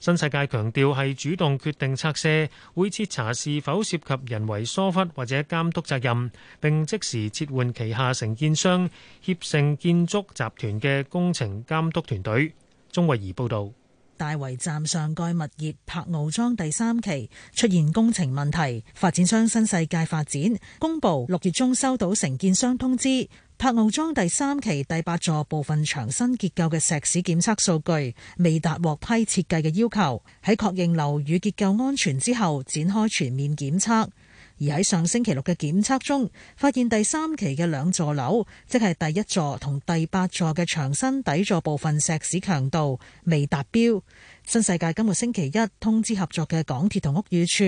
K: 新世界強調係主動決定拆卸，會徹查是否涉及人為疏忽或者監督責任，並即時撤換旗下承建商協盛建築集團嘅工程監督團隊。鐘慧儀報道。
M: 大圍站上蓋物業柏傲莊第三期出現工程問題，發展商新世界發展公布六月中收到承建商通知，柏傲莊第三期第八座部分牆身結構嘅石屎檢測數據未達獲批設計嘅要求，喺確認樓宇結構安全之後展開全面檢測。而喺上星期六嘅檢測中，發現第三期嘅兩座樓，即係第一座同第八座嘅牆身底座部分石屎強度未達標。新世界今個星期一通知合作嘅港鐵同屋宇署，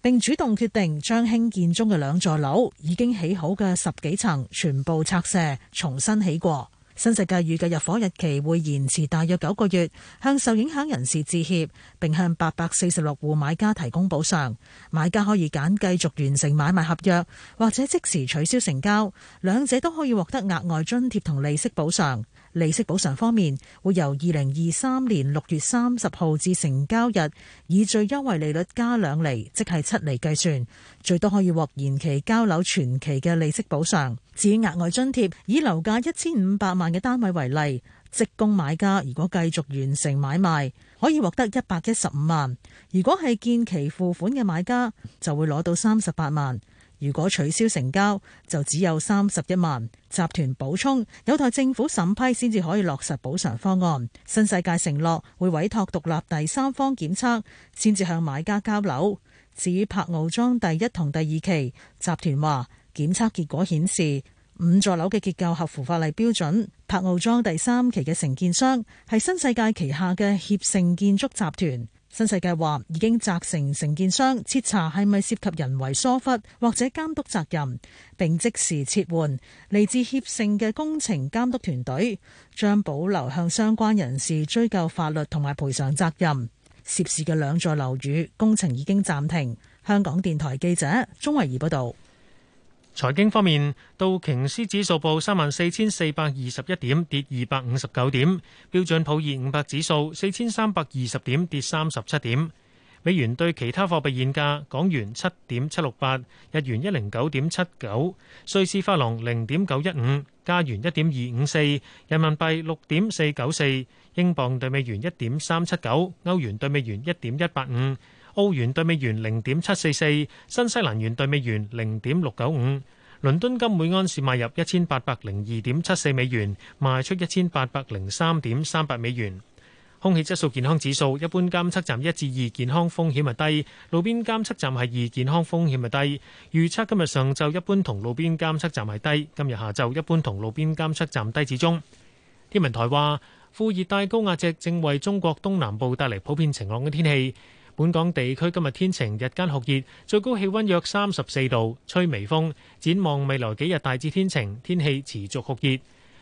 M: 並主動決定將興建中嘅兩座樓已經起好嘅十幾層全部拆卸，重新起過。新世界預計入伙日期會延遲大約九個月，向受影響人士致歉，並向八百四十六戶買家提供補償。買家可以揀繼續完成買賣合約，或者即時取消成交，兩者都可以獲得額外津貼同利息補償。利息補償方面，會由二零二三年六月三十號至成交日，以最優惠利率加兩厘，即係七厘計算，最多可以獲延期交樓全期嘅利息補償。至於額外津貼，以樓價一千五百萬嘅單位為例，即供買家如果繼續完成買賣，可以獲得一百一十五萬；如果係見期付款嘅買家，就會攞到三十八萬。如果取消成交，就只有三十一萬。集團補充，有待政府審批先至可以落實補償方案。新世界承諾會委託獨立第三方檢測，先至向買家交樓。至於柏傲莊第一同第二期，集團話檢測結果顯示五座樓嘅結構合符法例標準。柏傲莊第三期嘅承建商係新世界旗下嘅協盛建築集團。新世界話已經責成承建商徹查係咪涉及人為疏忽或者監督責任，並即時撤換嚟自協盛嘅工程監督團隊，將保留向相關人士追究法律同埋賠償責任。涉事嘅兩座樓宇工程已經暫停。香港電台記者鍾慧儀報道。
K: 財經方面，道瓊斯指數報三萬四千四百二十一點，跌二百五十九點；標準普爾五百指數四千三百二十點，跌三十七點。美元對其他貨幣現價：港元七點七六八，日元一零九點七九，瑞士法郎零點九一五，加元一點二五四，人民幣六點四九四，英鎊對美元一點三七九，歐元對美元一點一八五。澳元兌美元零點七四四，新西蘭元兌美元零點六九五。倫敦金每安士賣入一千八百零二點七四美元，賣出一千八百零三點三八美元。空氣質素健康指數一般監測站一至二健康風險係低，路邊監測站係二健康風險係低。預測今日上晝一般同路邊監測站係低，今日下晝一般同路邊監測站低至中。天文台話，副熱帶高壓脊正為中國東南部帶嚟普遍晴朗嘅天氣。本港地區今日天晴，日間酷熱，最高氣溫約三十四度，吹微風。展望未來幾日，大致天晴，天氣持續酷熱。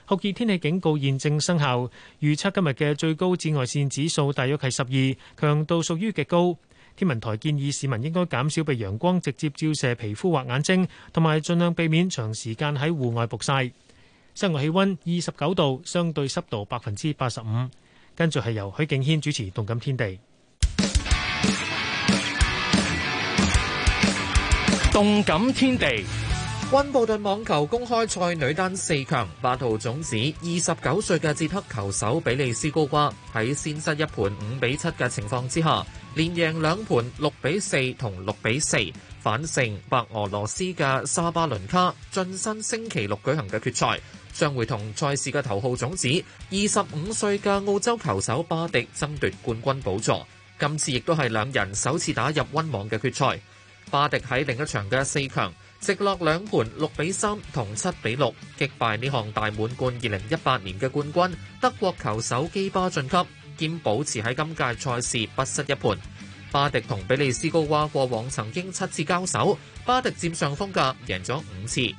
K: 酷熱天氣警告現正生效，預測今日嘅最高紫外線指數大約係十二，強度屬於極高。天文台建議市民應該減少被陽光直接照射皮膚或眼睛，同埋儘量避免長時間喺戶外曝曬。室外氣溫二十九度，相對濕度百分之八十五。跟住係由許敬軒主持《動感天地》。
N: 《動感天地》。溫布頓網球公開賽女單四強，八號種子二十九歲嘅捷克球手比利斯高瓜喺先失一盤五比七嘅情況之下，連贏兩盤六比四同六比四，反勝白俄羅斯嘅沙巴倫卡，晉身星期六舉行嘅決賽。將會同賽事嘅頭號種子二十五歲嘅澳洲球手巴迪爭奪冠軍寶座。今次亦都係兩人首次打入溫網嘅決賽。巴迪喺另一場嘅四強，直落兩盤六比三同七比六擊敗呢項大滿貫二零一八年嘅冠軍德國球手基巴晉級，兼保持喺今屆賽事不失一盤。巴迪同比利斯高娃過往曾經七次交手，巴迪佔上風格，贏咗五次。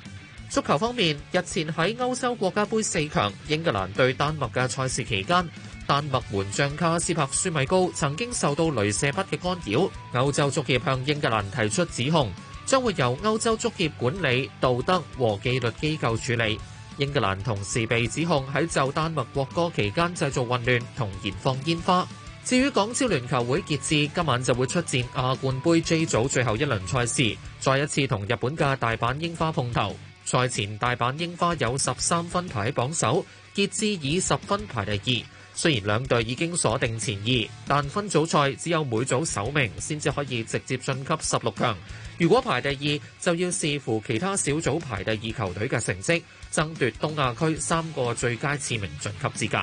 N: 足球方面，日前喺歐洲國家杯四強英格蘭對丹麥嘅賽事期間。丹麥門將卡斯柏舒米高曾經受到鐳射筆嘅干擾，歐洲足協向英格蘭提出指控，將會由歐洲足協管理道德和紀律機構處理。英格蘭同時被指控喺就丹麥國歌期間製造混亂同燃放煙花。至於港超聯球會傑志今晚就會出戰亞冠杯 J 組最後一輪賽事，再一次同日本嘅大阪櫻花碰頭。賽前大阪櫻花有十三分排喺榜首，傑志以十分排第二。雖然兩隊已經鎖定前二，但分組賽只有每組首名先至可以直接晉級十六強。如果排第二，就要視乎其他小組排第二球隊嘅成績，爭奪東亞區三個最佳次名晉級資格。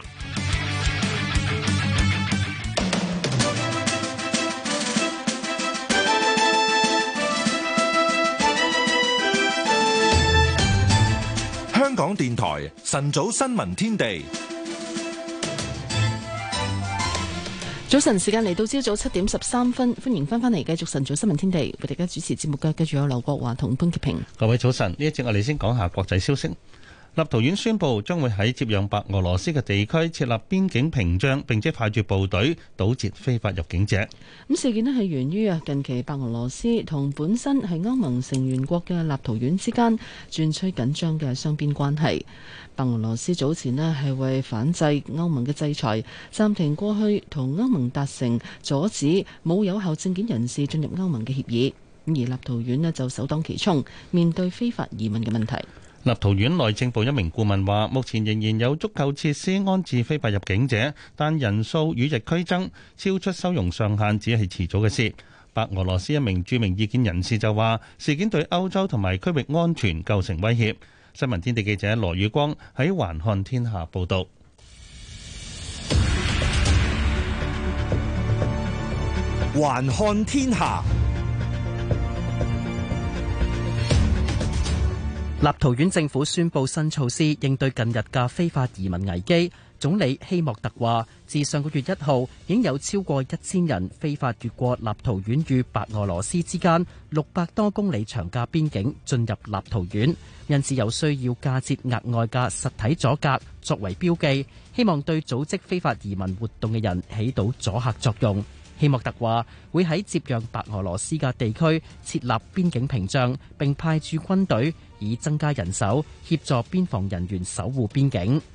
A: 香港電台晨早新聞天地。
C: 早晨，時間嚟到朝早七點十三分，歡迎翻返嚟繼續晨早新聞天地，為大家主持節目嘅繼續有劉國華同潘潔平。
D: 各位早晨，呢一節我哋先講下國際消息。立陶宛宣布將會喺接壤白俄羅斯嘅地區設立邊境屏障，並且派駐部隊堵截非法入境者。咁
C: 事件呢係源於近期白俄羅斯同本身係歐盟成員國嘅立陶宛之間轉趨緊張嘅雙邊關係。白俄羅斯早前呢係為反制歐盟嘅制裁，暫停過去同歐盟達成阻止冇有，有效證件人士進入歐盟嘅協議。而立陶宛呢就首當其衝，面對非法移民嘅問題。
D: 立陶宛內政部一名顧問話：目前仍然有足夠設施安置非法入境者，但人數與日俱增，超出收容上限只係遲早嘅事。白俄羅斯一名著名異見人士就話：事件對歐洲同埋區域安全構成威脅。新聞天地記者羅宇光喺《環看天下》報道。環看天下。
L: 立陶宛
O: 政府宣布新措施，應對近日嘅非法移民危機。總理希莫特話，自上個月一號，已經有超過一千人非法越過立陶宛與白俄羅斯之間六百多公里長嘅邊境，進入立陶宛。因此有需要架設額外嘅實體阻隔作為標記，希望對組織非法移民活動嘅人起到阻嚇作用。希莫特話會喺接壤白俄羅斯嘅地區設立邊境屏障，並派駐軍隊以增加人手，協助邊防人員守護邊境。 (music)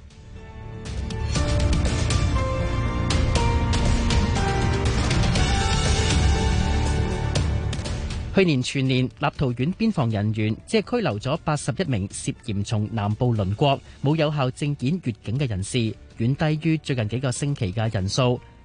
O: 去年全年，立陶宛邊防人員只係拘留咗八十一名涉嫌從南部鄰國冇有效證件越境嘅人士，遠低於最近幾個星期嘅人數。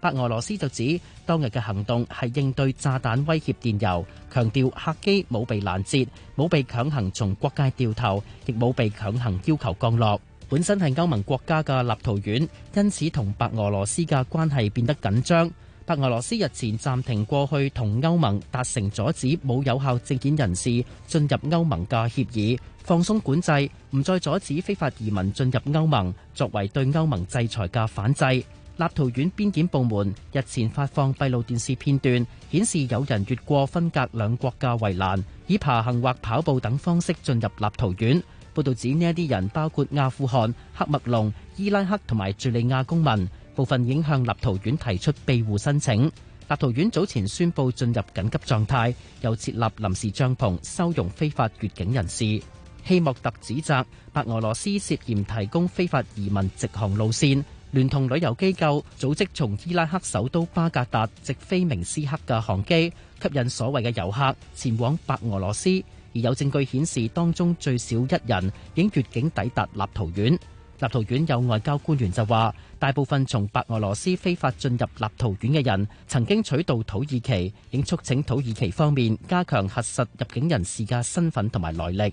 O: 白俄羅斯就指，當日嘅行動係應對炸彈威脅電郵，強調客機冇被攔截，冇被強行從國界掉頭，亦冇被強行要求降落。本身係歐盟國家嘅立陶宛，因此同白俄羅斯嘅關係變得緊張。白俄羅斯日前暫停過去同歐盟達成阻止冇有效證件人士進入歐盟嘅協議，放鬆管制，唔再阻止非法移民進入歐盟，作為對歐盟制裁嘅反制。立陶宛邊檢部門日前發放閉路電視片段，顯示有人越過分隔兩國嘅圍欄，以爬行或跑步等方式進入立陶宛。報道指呢一啲人包括阿富汗、喀麥隆、伊拉克同埋敘利亞公民，部分已向立陶宛提出庇護申請。立陶宛早前宣布進入緊急狀態，又設立臨時帳篷收容非法越境人士。希莫特指責白俄羅斯涉嫌提供非法移民直航路線。聯同旅遊機構組織從伊拉克首都巴格達直飛明斯克嘅航機，吸引所謂嘅遊客前往白俄羅斯，而有證據顯示當中最少一人已經越境抵達立陶宛。立陶宛有外交官員就話，大部分從白俄羅斯非法進入立陶宛嘅人曾經取道土耳其，應促請土耳其方面加強核實入境人士嘅身份同埋來歷。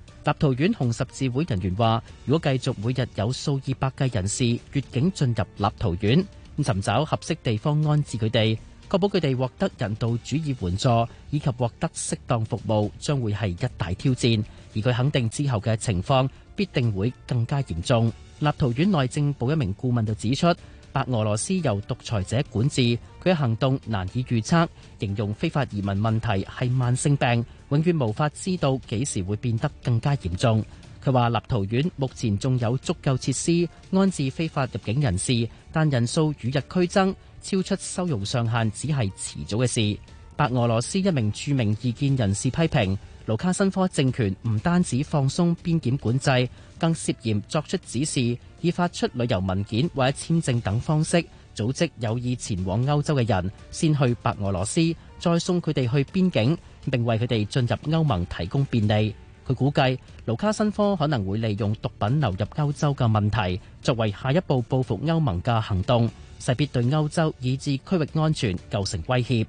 O: 立陶宛紅十字會人員話，如果繼續每日有數以百計人士越境進入立陶宛，咁尋找合適地方安置佢哋，確保佢哋獲得人道主義援助以及獲得適當服務，將會係一大挑戰。而佢肯定之後嘅情況必定會更加嚴重。立陶宛內政部一名顧問就指出，白俄羅斯由獨裁者管治。佢嘅行動難以預測，形容非法移民問題係慢性病，永遠無法知道幾時會變得更加嚴重。佢話立陶宛目前仲有足夠設施安置非法入境人士，但人數與日俱增，超出收容上限只係遲早嘅事。白俄羅斯一名著名異見人士批評盧卡申科政權唔單止放鬆邊檢管制，更涉嫌作出指示，以發出旅遊文件或者簽證等方式。組織有意前往歐洲嘅人，先去白俄羅斯，再送佢哋去邊境，並為佢哋進入歐盟提供便利。佢估計，盧卡申科可能會利用毒品流入歐洲嘅問題，作為下一步報復歐盟嘅行動，勢必對歐洲以至區域安全構成威脅。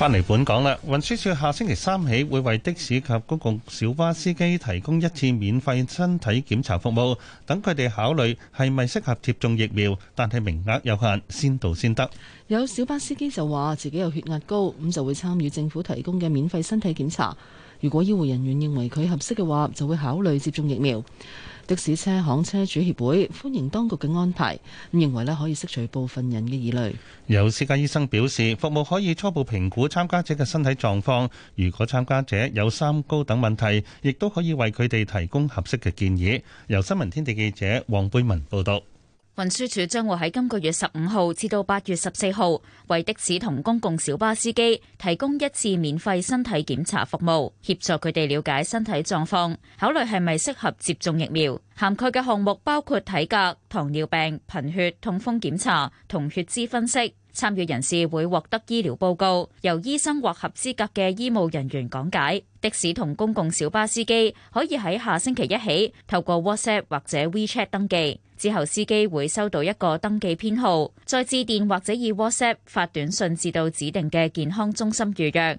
D: 返嚟本港啦，運輸署下星期三起會為的士及公共小巴司機提供一次免費身體檢查服務，等佢哋考慮係咪適合接種疫苗，但係名額有限，先到先得。
C: 有小巴司機就話自己有血壓高，咁就會參與政府提供嘅免費身體檢查，如果醫護人員認為佢合適嘅話，就會考慮接種疫苗。的士車行車主協會歡迎當局嘅安排，咁認為可以消除部分人嘅疑慮。
D: 有私家醫生表示，服務可以初步評估參加者嘅身體狀況，如果參加者有三高等問題，亦都可以為佢哋提供合適嘅建議。由新聞天地記者黃貝文報道。
P: 運輸署將會喺今個月十五號至到八月十四號，為的士同公共小巴司機提供一次免費身體檢查服務，協助佢哋了解身體狀況，考慮係咪適合接種疫苗。涵蓋嘅項目包括體格、糖尿病、貧血、痛風檢查同血脂分析。參與人士會獲得醫療報告，由醫生或合資格嘅醫務人員講解。的士同公共小巴司機可以喺下星期一起透過 WhatsApp 或者 WeChat 登記。之後，司機會收到一個登記編號，再致電或者以 WhatsApp 發短信至到指定嘅健康中心預約。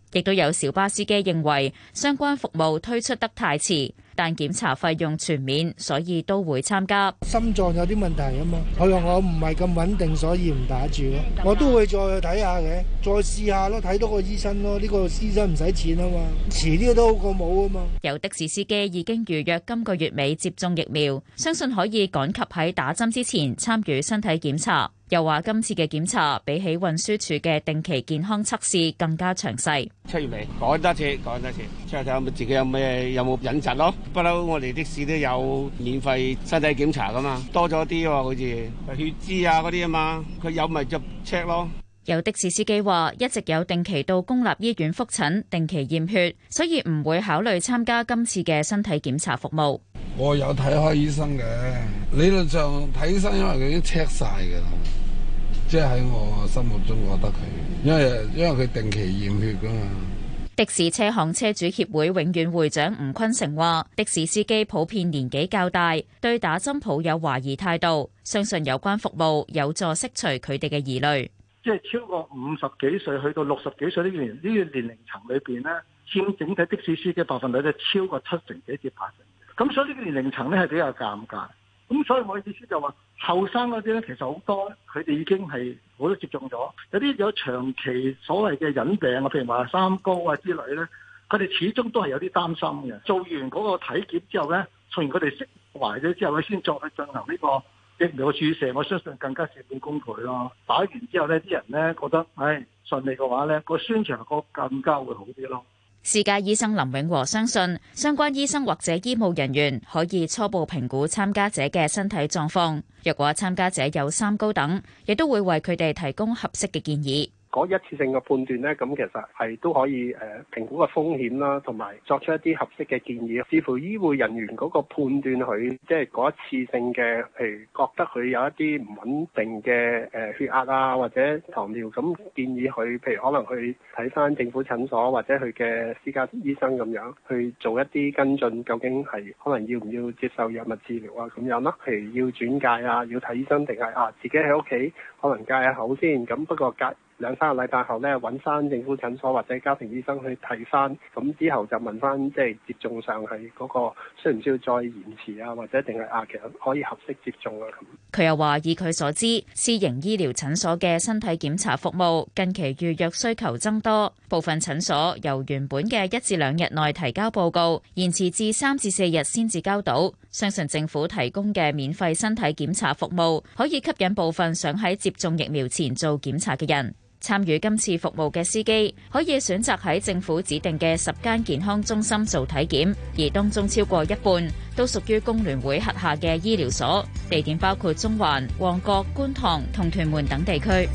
P: 亦都有小巴司機認為相關服務推出得太遲，但檢查費用全免，所以都會參加。
Q: 心臟有啲問題啊嘛，佢話我唔係咁穩定，所以唔打住咯。嗯、我都會再去睇下嘅，再試下咯，睇多個醫生咯。呢個醫生唔使錢
P: 啊嘛，遲啲都好過冇啊嘛。有的士司機已經預約今個月尾接種疫苗，相信可以趕及喺打針之前參與身體檢查。又話今次嘅檢查比起運輸署嘅定期健康測試更加詳細。七月尾趕得切，趕得切，
D: 睇下睇下自己有咩有冇隱疾咯。不嬲，我哋的士都有免費身體檢查噶嘛，多咗啲喎，好似血脂啊嗰啲啊嘛，佢有咪
P: 就 check 咯。有的士司機話：一直有定期到公立醫院覆診，定期驗血，所以唔會考慮參加今次嘅身體檢查服務。我有睇開
I: 醫生嘅，
Q: 理論上睇醫生，因為佢已經 check 晒嘅啦，即係喺我心目中覺得佢，因為因為佢定期驗血噶嘛。
P: 的士車行車主協會永遠會長吳坤成話，的士司機普遍年紀較大，對打針抱有懷疑態度，相信有關服務有助釋除佢哋嘅疑慮。
R: 即係超過五十幾歲，去到六十幾歲呢年呢個年齡層裏邊呢，佔整體的士司機百分率咧超過七成幾至八成。咁所以呢個年齡層咧係比較尷尬，咁所以我嘅意思是就話後生嗰啲咧其實好多，佢哋已經係好多接種咗，有啲有長期所謂嘅隱病啊，譬如話三高啊之類咧，佢哋始終都係有啲擔心嘅。做完嗰個體檢之後咧，從而佢哋釋懷
Q: 咗之後，先再去進行呢個疫苗注射，我相信更加事半功倍咯。打完之後咧，啲人咧覺得，唉，哎，順利嘅話咧，個宣傳個更加會好啲咯。
P: 私家醫生林永和相信，相關醫生或者醫務人員可以初步評估參加者嘅身體狀況。若果參加者有三高等，亦都會為佢哋提供合適嘅建議。
Q: 嗰一次性嘅判斷呢，咁其實係都可以誒、呃、評估個風險啦，同埋作出一啲合適嘅建議。視乎醫護人員嗰個判斷，佢即係嗰一次性嘅，譬如覺得佢有一啲唔穩定嘅誒血壓啊，或者糖尿，咁建議佢譬如可能去睇翻政府診所或者佢嘅私家醫生咁樣去做一啲跟進，究竟係可能要唔要接受藥物治療啊？咁樣啦，譬如要轉介啊，要睇醫生定係啊自己喺屋企？可能隔下口先，咁不過隔兩三個禮拜後呢，揾翻政府診所或者家庭醫生去睇翻，咁之後就問翻即係接種上係嗰個需唔需要再延遲啊，或者定係啊其實可以合適接種啊。
P: 佢又話，以佢所知，私營醫療診所嘅身體檢查服務近期預約需求增多，部分診所由原本嘅一至兩日內提交報告，延遲至三至四日先至交到。相信政府提供嘅免費身體檢查服務，可以吸引部分想喺接種疫苗前做檢查嘅人。參與今次服務嘅司機可以選擇喺政府指定嘅十間健康中心做體檢，而當中超過一半都屬於工聯會轄下嘅醫療所，地點包括中環、旺角、觀塘同屯門等地區。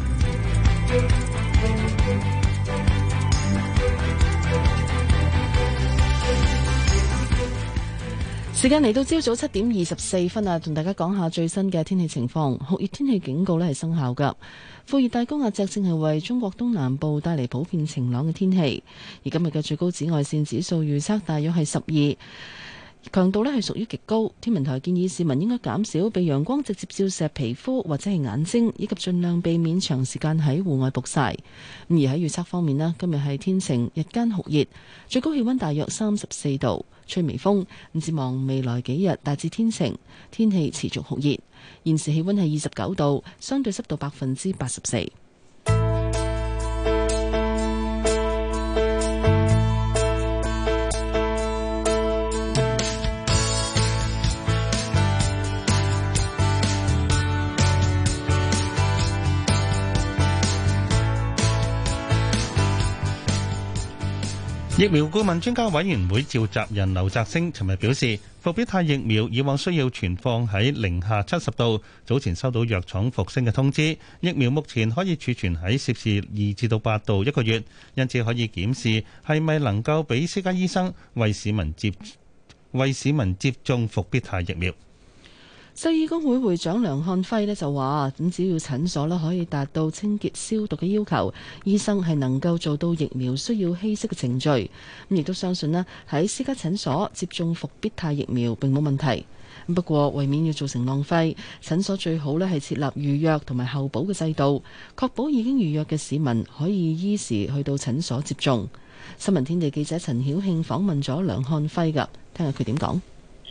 C: 時間嚟到朝早七點二十四分啊，同大家講下最新嘅天氣情況。酷熱天氣警告呢係生效噶，副熱帶高壓脊正係為中國東南部帶嚟普遍晴朗嘅天氣。而今日嘅最高紫外線指數預測大約係十二。強度呢係屬於極高，天文台建議市民應該減少被陽光直接照射皮膚或者係眼睛，以及盡量避免長時間喺戶外曝曬。咁而喺預測方面呢，今日係天晴，日間酷熱，最高氣溫大約三十四度，吹微風。咁展望未來幾日大致天晴，天氣持續酷熱。現時氣溫係二十九度，相對濕度百分之八十四。
D: 疫苗顧問專家委員會召集人劉澤星，尋日表示，復必泰疫苗以往需要存放喺零下七十度。早前收到藥廠復星嘅通知，疫苗目前可以儲存喺攝氏二至到八度一個月，因此可以檢視係咪能夠俾私家醫生為市民接為市民接種復必泰疫苗。
C: 西醫工會會長梁漢輝呢就話：咁只要診所咧可以達到清潔消毒嘅要求，醫生係能夠做到疫苗需要稀釋嘅程序。咁亦都相信咧喺私家診所接種復必泰疫苗並冇問題。不過為免要造成浪費，診所最好咧係設立預約同埋候補嘅制度，確保已經預約嘅市民可以依時去到診所接種。新聞天地記者陳曉慶訪問咗梁漢輝㗎，聽下佢點講。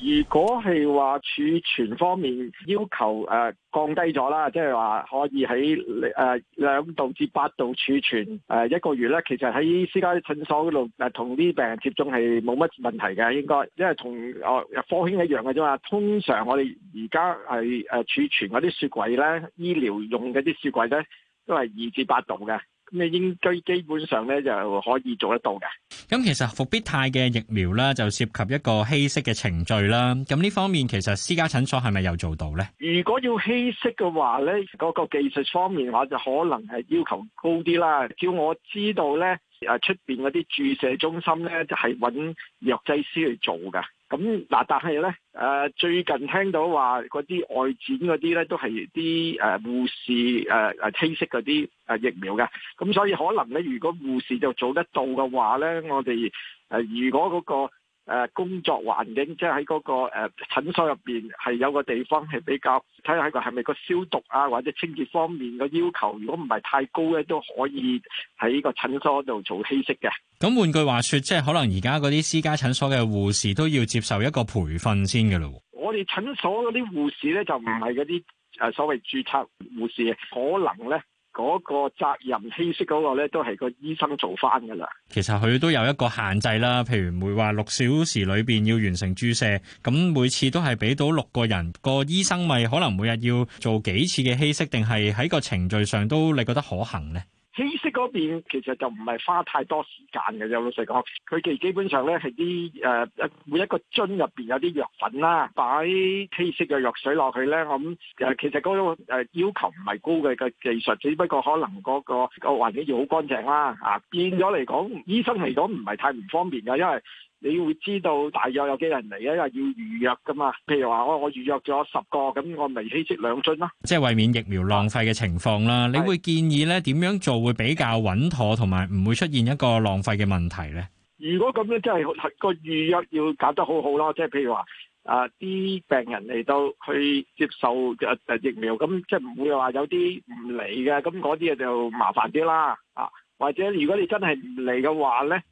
R: 如果係話儲存方面要求誒、呃、降低咗啦，即係話可以喺誒兩度至八度儲存誒一、呃、個月咧，其實喺私家診所嗰度嗱同啲病人接種係冇乜問題嘅，應該，因為同哦、呃、科興一樣嘅啫嘛。通常我哋而家係誒儲存嗰啲雪櫃咧，醫療用嗰啲雪櫃咧都係二至八度嘅。咁你應該基本上咧就可以做得到嘅。
A: 咁其實復必泰嘅疫苗咧就涉及一個稀釋嘅程序啦。咁呢方面其實私家診所係咪有做到咧？
R: 如果要稀釋嘅話咧，嗰、嗰個技術方面話就可能係要求高啲啦。叫我知道咧，誒出邊嗰啲注射中心咧就係揾藥劑師去做嘅。咁嗱、嗯，但係咧，誒、呃、最近聽到話嗰啲外展嗰啲咧，都係啲誒護士誒誒批識嗰啲誒疫苗嘅，咁、嗯、所以可能咧，如果護士就做得到嘅話咧，我哋誒、呃、如果嗰、嗰個。誒、呃，工作環境即係喺嗰個誒、呃、診所入邊係有個地方係比較睇下個係咪個消毒啊或者清潔方面嘅要求，如果唔係太高咧，都可以喺個診所度做稀釋嘅。
A: 咁換句話說，即係可能而家嗰啲私家診所嘅護士都要接受一個培訓先嘅咯。
R: 我哋診所嗰啲護士咧就唔係嗰啲誒所謂註冊護士，可能咧。嗰個責任稀釋嗰個呢，都係個醫生做翻噶啦。
A: 其實佢都有一個限制啦，譬如唔會話六小時裏邊要完成注射，咁每次都係俾到六個人，個醫生咪可能每日要做幾次嘅稀釋，定係喺個程序上都你覺得可行呢？
R: 稀釋嗰邊其實就唔係花太多時間嘅，有老實講，佢哋基本上咧係啲誒，每一個樽入邊有啲藥粉啦，擺稀釋嘅藥水落去咧，我諗誒，其實嗰種誒要求唔係高嘅嘅技術，只不過可能嗰個個環境要好乾淨啦，啊變咗嚟講，醫生嚟講唔係太唔方便㗎，因為。你會知道大約有幾人嚟啊？因為要預約噶嘛。譬如話我我預約咗十個，咁我咪稀釋兩樽咯。
A: 即係為免疫苗浪費嘅情況啦。是你會建議咧點樣做會比較穩妥，同埋唔會出現一個浪費嘅問題咧？
R: 如果咁樣，即係個預約要搞得好好咯。即係譬如話啊，啲、呃、病人嚟到去接受誒疫苗，咁即係唔會話有啲唔嚟嘅。咁嗰啲啊就麻煩啲啦。啊，或者如果你真係唔嚟嘅話咧？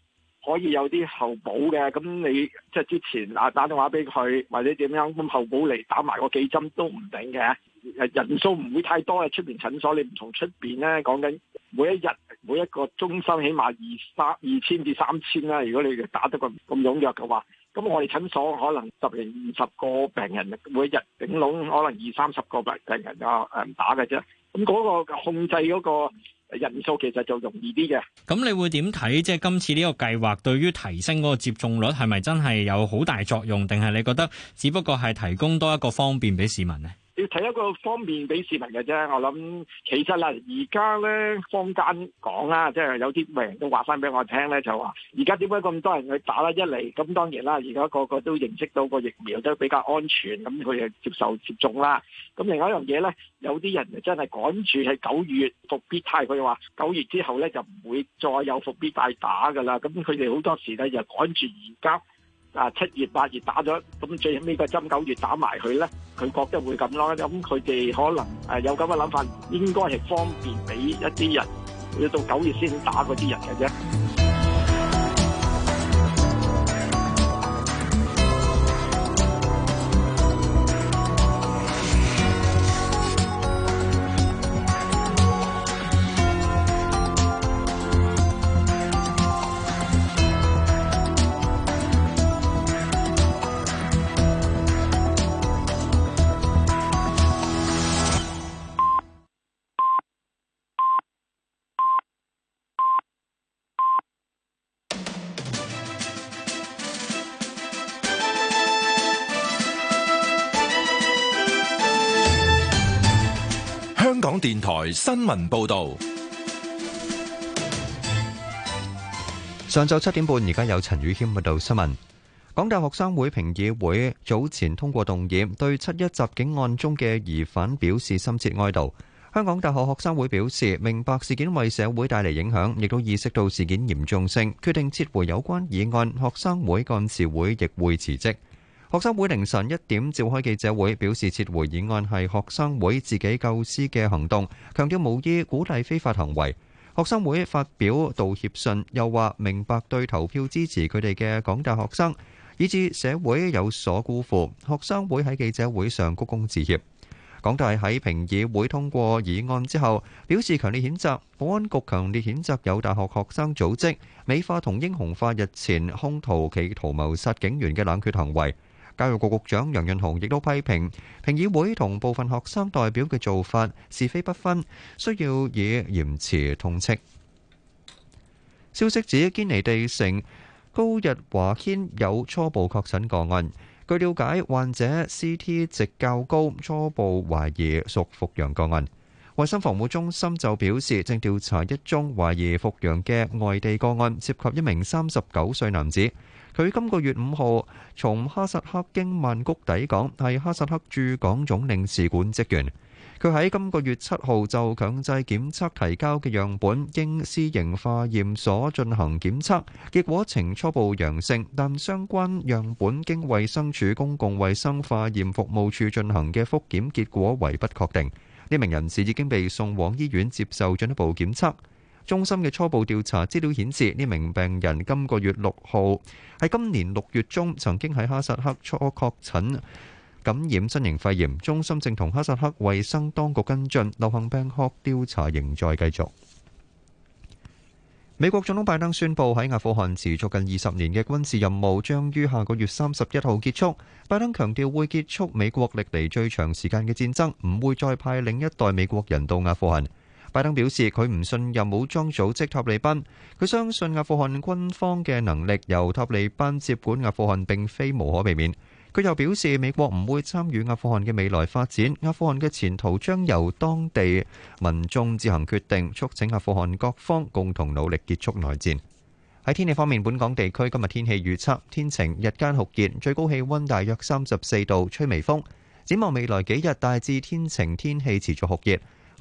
R: 可以有啲後補嘅，咁你即係、就是、之前啊，打電話俾佢或者點樣咁後補嚟打埋個幾針都唔定嘅，誒人數唔會太多嘅。出邊診所你唔同出邊咧，講緊每一日每一個中心起碼二三二千至三千啦。如果你打得咁咁踴躍嘅話，咁我哋診所可能十零二十個病人，每一日頂籠可能二三十個病病人啊誒打嘅啫。咁、那、嗰個控制嗰、那個。
A: 人數其實就容易啲嘅，咁你會點睇？即係今次呢個計劃對於提升嗰個接種率係咪真係有好大作用？定係你覺得只不過係提供多一個方便俾市民呢？
R: 要睇一個方面俾市民嘅啫，我諗其實啦，而家咧坊間講啦，即係有啲名人都話翻俾我聽咧，就話而家點解咁多人去打咧？一嚟咁當然啦，而家個個都認識到個疫苗都比較安全，咁佢就接受接種啦。咁另外一樣嘢咧，有啲人就真係趕住係九月復必泰，佢話九月之後咧就唔會再有復必泰打㗎啦。咁佢哋好多時咧就趕住而家。啊，七月八月打咗，咁最尾個針九月打埋佢咧，佢覺得會咁咯。咁佢哋可能誒有咁嘅諗法，應該係方便俾一啲人，要到九月先打嗰啲人嘅啫。
A: 台新聞報道，
L: 上晝七點半，而家有陳宇謙報道新聞。港大學生會評議會早前通過動議，對七一襲警案中嘅疑犯表示深切哀悼。香港大學學生會表示，明白事件為社會帶嚟影響，亦都意識到事件嚴重性，決定撤回有關議案。學生會幹事會亦會辭職。學生會凌晨一點召開記者會，表示撤回議案係學生會自己構思嘅行動，強調無意鼓勵非法行為。學生會發表道歉信，又話明白對投票支持佢哋嘅港大學生，以致社會有所辜負。學生會喺記者會上鞠躬致歉。港大喺評議會通過議案之後，表示強烈譴責，保安局強烈譴責有大學學生組織美化同英雄化日前兇徒企圖謀殺警員嘅冷血行為。教育局局長楊潤雄亦都批評評議會同部分學生代表嘅做法是非不分，需要以嚴詞痛斥。消息指堅尼地城高日華軒有初步確診個案，據了解患者 CT 值較高，初步懷疑屬復陽個案。衛生防護中心就表示，正調查一宗懷疑復陽嘅外地個案，涉及一名三十九歲男子。佢今個月五號從哈薩克經曼谷抵港，係哈薩克駐港總領事館職員。佢喺今個月七號就強制檢測提交嘅樣本，經私營化驗所進行檢測，結果呈初步陽性，但相關樣本經衛生署公共衛生化驗服務處進行嘅復檢結果為不確定。呢名人士已經被送往醫院接受進一步檢測。中心嘅初步調查資料顯示，呢名病人今個月六號喺今年六月中曾經喺哈薩克初確診感染新型肺炎。中心正同哈薩克衛生當局跟進流行病學調查，仍在繼續。美國總統拜登宣布喺阿富汗持續近二十年嘅軍事任務將於下個月三十一號結束。拜登強調會結束美國歷嚟最長時間嘅戰爭，唔會再派另一代美國人到阿富汗。拜登表示，佢唔信任武裝組織塔利班，佢相信阿富汗軍方嘅能力，由塔利班接管阿富汗並非無可避免。佢又表示，美國唔會參與阿富汗嘅未來發展，阿富汗嘅前途將由當地民眾自行決定，促請阿富汗各方共同努力結束內戰。喺天氣方面，本港地區今日天氣預測天晴，日間酷熱，最高氣溫大約三十四度，吹微風。展望未來幾日，大致天晴，天氣持續酷熱。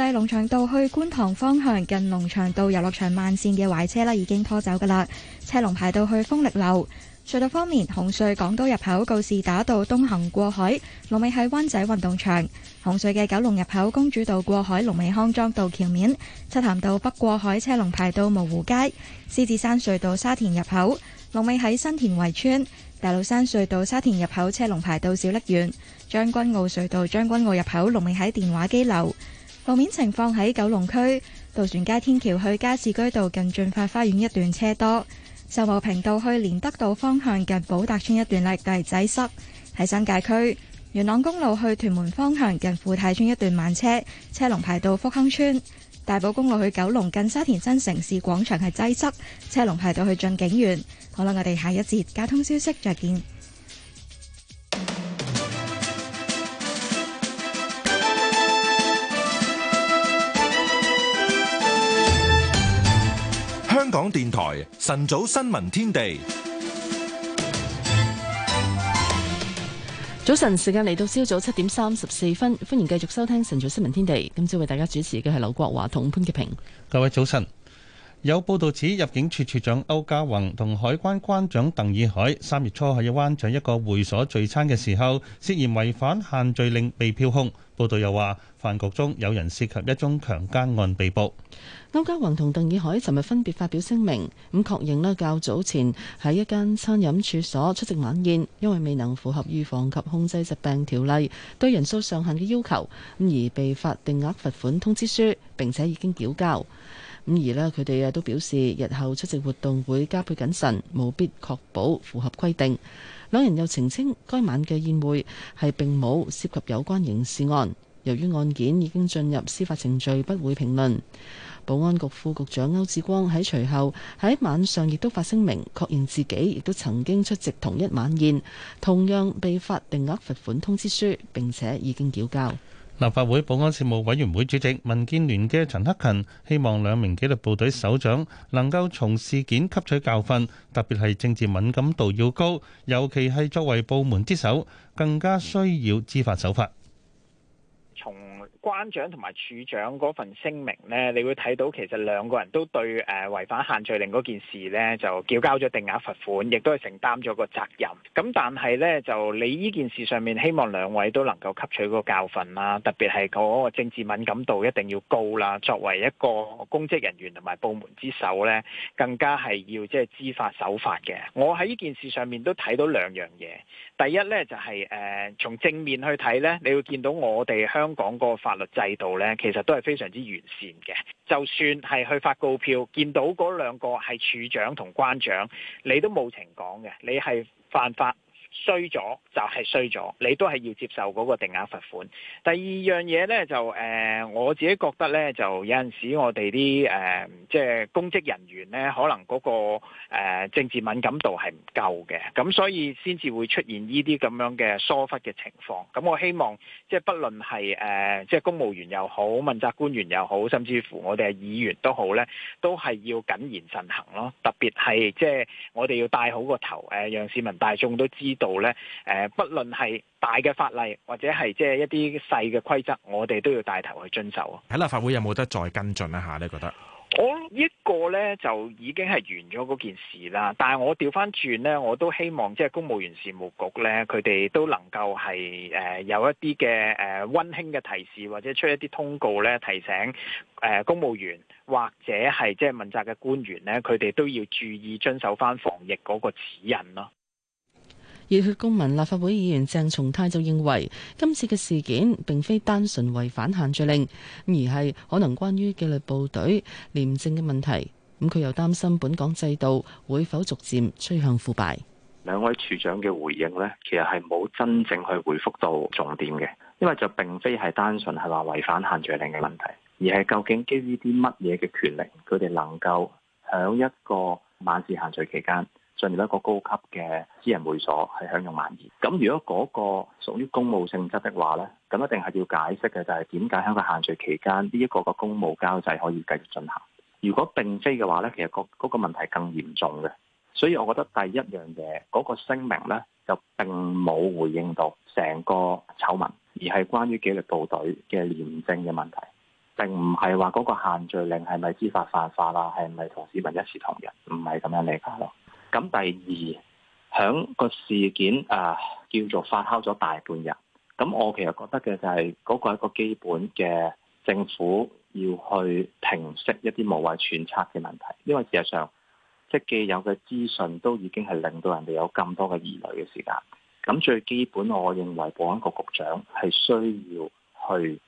J: 喺農場道去觀塘方向，近農場道遊樂場慢綫嘅壞車啦，已經拖走噶啦。車龍排到去風力樓隧道方面，紅隧港島入口告士打道東行過海，龍尾喺灣仔運動場；紅隧嘅九龍入口公主道過海，龍尾康莊道橋面；漆咸道北過海車龍排到蕪湖街；獅子山隧道沙田入口龍尾喺新田圍村；大老山隧道沙田入口車龍排到小瀝源；將軍澳隧道將軍澳入口龍尾喺電話機樓。路面情況，喺九龍區渡船街天橋去加士居道近駿發花園一段車多，秀茂坪道去連德道方向近寶達村一段亦都係擠塞。喺新界區元朗公路去屯門方向近富泰村一段慢車，車龍排到福亨村。大埔公路去九龍近沙田新城市廣場係擠塞，車龍排到去駿景園。好啦，我哋下一節交通消息再見。
A: 香港電台晨早新聞天地，
C: 早晨時間嚟到朝早七點三十四分，歡迎繼續收聽晨早新聞天地。今朝為大家主持嘅係劉國華同潘潔平，
D: 各位早晨。有報道指入境處處長歐家宏同海關關長鄧以海三月初喺灣仔一個會所聚餐嘅時候，涉嫌違反限聚令被票控。報道又話，飯局中有人涉及一宗強姦案被捕。
C: 歐家宏同鄧以海尋日分別發表聲明，咁確認咧較早前喺一間餐飲處所出席晚宴，因為未能符合預防及控制疾病條例對人數上限嘅要求，咁而被發定額罰款通知書，並且已經繳交。咁而咧，佢哋啊都表示，日後出席活動會加倍謹慎，務必確保符合規定。兩人又澄清，該晚嘅宴會係並冇涉及有關刑事案。由於案件已經進入司法程序，不會評論。保安局副局長歐志光喺隨後喺晚上亦都發聲明，確認自己亦都曾經出席同一晚宴，同樣被發定額罰款通知書，並且已經繳交。
D: 立法會保安事務委員會主席民建聯嘅陳克勤希望兩名紀律部隊首長能夠從事件吸取教訓，特別係政治敏感度要高，尤其係作為部門之首，更加需要知法守法。
S: 關長同埋處長嗰份聲明呢，你會睇到其實兩個人都對誒違反限聚令嗰件事呢，就繳交咗定額罰款，亦都係承擔咗個責任。咁但係呢，就你呢件事上面，希望兩位都能夠吸取個教訓啦，特別係嗰個政治敏感度一定要高啦。作為一個公職人員同埋部門之首呢，更加係要即係知法守法嘅。我喺呢件事上面都睇到兩樣嘢。第一呢，就係誒從正面去睇呢，你會見到我哋香港個法律制度呢，其實都係非常之完善嘅。就算係去發告票，見到嗰兩個係處長同關長，你都冇情講嘅，你係犯法。衰咗就係衰咗，你都係要接受嗰個定額罰款。第二樣嘢咧就誒、呃、我自己覺得咧就有陣時我哋啲誒即係公職人員咧，可能嗰、嗰個誒、呃、政治敏感度係唔夠嘅，咁所以先至會出現呢啲咁樣嘅疏忽嘅情況，咁我希望即係不論係誒、呃、即係公務員又好，問責官員又好，甚至乎我哋係議員都好咧，都係要謹言慎行咯。特別係即係我哋要帶好個頭誒讓市民大眾都知。度咧，誒，不論係大嘅法例，或者係即係一啲細嘅規則，我哋都要帶頭去遵守。
G: 喺立法會有冇得再跟進一下？你覺得？
S: 我呢一個咧就已經係完咗嗰件事啦。但係我調翻轉咧，我都希望即係公務員事務局咧，佢哋都能夠係誒有一啲嘅誒溫馨嘅提示，或者出一啲通告咧，提醒誒公務員或者係即係問責嘅官員咧，佢哋都要注意遵守翻防疫嗰個指引咯。
C: 熱血公民立法會議員鄭松泰就認為，今次嘅事件並非單純違反限聚令，而係可能關於紀律部隊廉政嘅問題。咁佢又擔心本港制度會否逐漸趨向腐敗。
G: 兩位處長嘅回應呢，其實係冇真正去回覆到重點嘅，因為就並非係單純係話違反限聚令嘅問題，而係究竟基於啲乜嘢嘅權力，佢哋能夠響一個晚市限聚期間，進入一個高級嘅私人會所，係享用晚宴。咁如果嗰個屬於公務性質的話呢，咁一定係要解釋嘅，就係點解喺個限聚期間呢一個個公務交際可以繼續進行？如果並非嘅話呢，其實嗰嗰個問題更嚴重嘅。所以，我覺得第一樣嘢嗰個聲明呢就並冇回應到成個醜聞，而係關於紀律部隊嘅廉政嘅問題，並唔係話嗰個限聚令係咪知法犯法啦，係唔係同市民一視同仁？唔係咁樣理解咯。咁第二，響個事件啊、呃，叫做發酵咗大半日。咁我其實覺得嘅就係、係、嗰、嗰個一個基本嘅政府要去平息一啲無謂揣測嘅問題，因為事實上，即既有嘅資訊都已經係令到人哋有咁多嘅疑慮嘅時間。咁最基本，我認為保安局局長係需要去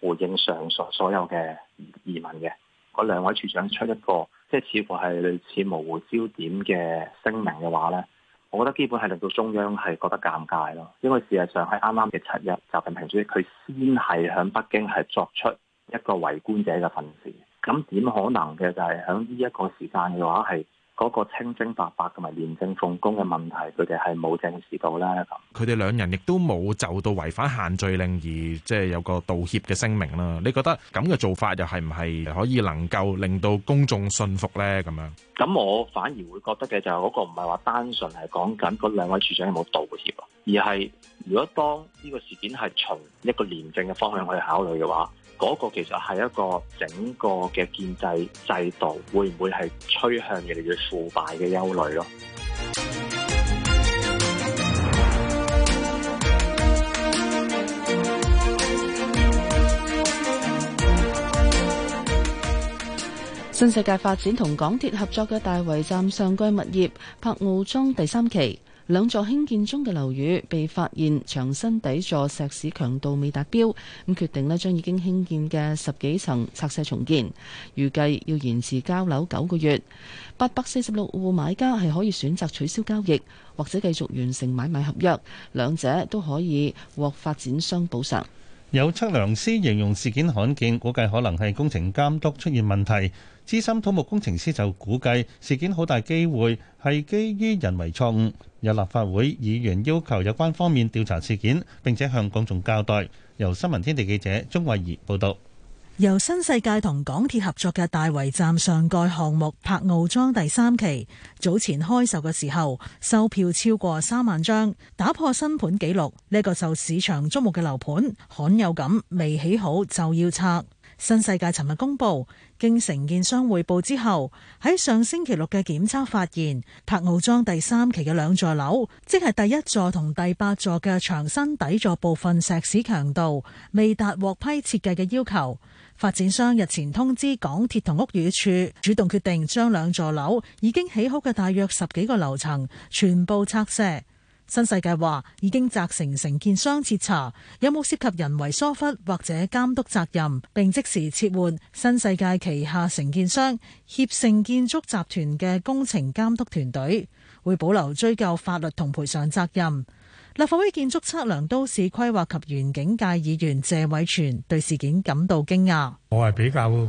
G: 回應上述所有嘅疑問嘅。嗰兩位處長出一個。即係似乎係類似模糊焦點嘅聲明嘅話呢，我覺得基本係令到中央係覺得尷尬咯。因為事實上喺啱啱嘅七日，習近平主席佢先係喺北京係作出一個圍觀者嘅份子，咁點可能嘅就係喺呢一個時間嘅話係。嗰個清清白白同埋廉政奉公嘅問題，佢哋係冇正視到啦。咁佢哋兩人亦都冇就到違反限聚令而即係、就是、有個道歉嘅聲明啦。你覺得咁嘅做法又係唔係可以能夠令到
A: 公眾信服咧？咁樣
G: 咁我反而會覺得嘅就係嗰個唔係話單純係講緊嗰兩位處長有冇道歉，而係如果當呢個事件係從一個廉政嘅方向去考慮嘅話。嗰個其實係一個整個嘅建制制度，會唔會係趨向越嚟越腐敗嘅憂慮咯？
C: 新世界發展同港鐵合作嘅大圍站上蓋物業柏傲莊第三期。兩座興建中嘅樓宇被發現牆身底座石屎強度未達標，咁決定咧將已經興建嘅十幾層拆卸重建，預計要延遲交樓九個月。八百四十六戶買家係可以選擇取消交易，或者繼續完成買賣合約，兩者都可以獲發展商補償。
D: 有測量師形容事件罕見，估計可能係工程監督出現問題。資深土木工程師就估計事件好大機會係基於人為錯誤。有立法會議員要求有關方面調查事件，並且向公眾交代。由新聞天地記者鍾慧怡報道。
M: 由新世界同港鐵合作嘅大圍站上蓋項目柏傲莊第三期，早前開售嘅時候，售票超過三萬張，打破新盤紀錄。呢個受市場矚目嘅樓盤，罕有咁未起好就要拆。新世界尋日公布，經承建商匯報之後，喺上星期六嘅檢測發現，柏傲莊第三期嘅兩座樓，即係第一座同第八座嘅牆身底座部分石屎強度未達獲批設計嘅要求。發展商日前通知港鐵同屋宇署，主動決定將兩座樓已經起好嘅大約十幾個樓層全部拆卸。新世界話已經責成承建商徹查有冇涉及人為疏忽或者監督責任，並即時撤換新世界旗下承建商協成建築集團嘅工程監督團隊，會保留追究法律同賠償責任。立法會建築測量都市規劃及園景界議員謝偉銓對事件感到驚訝。
Q: 我係比較驚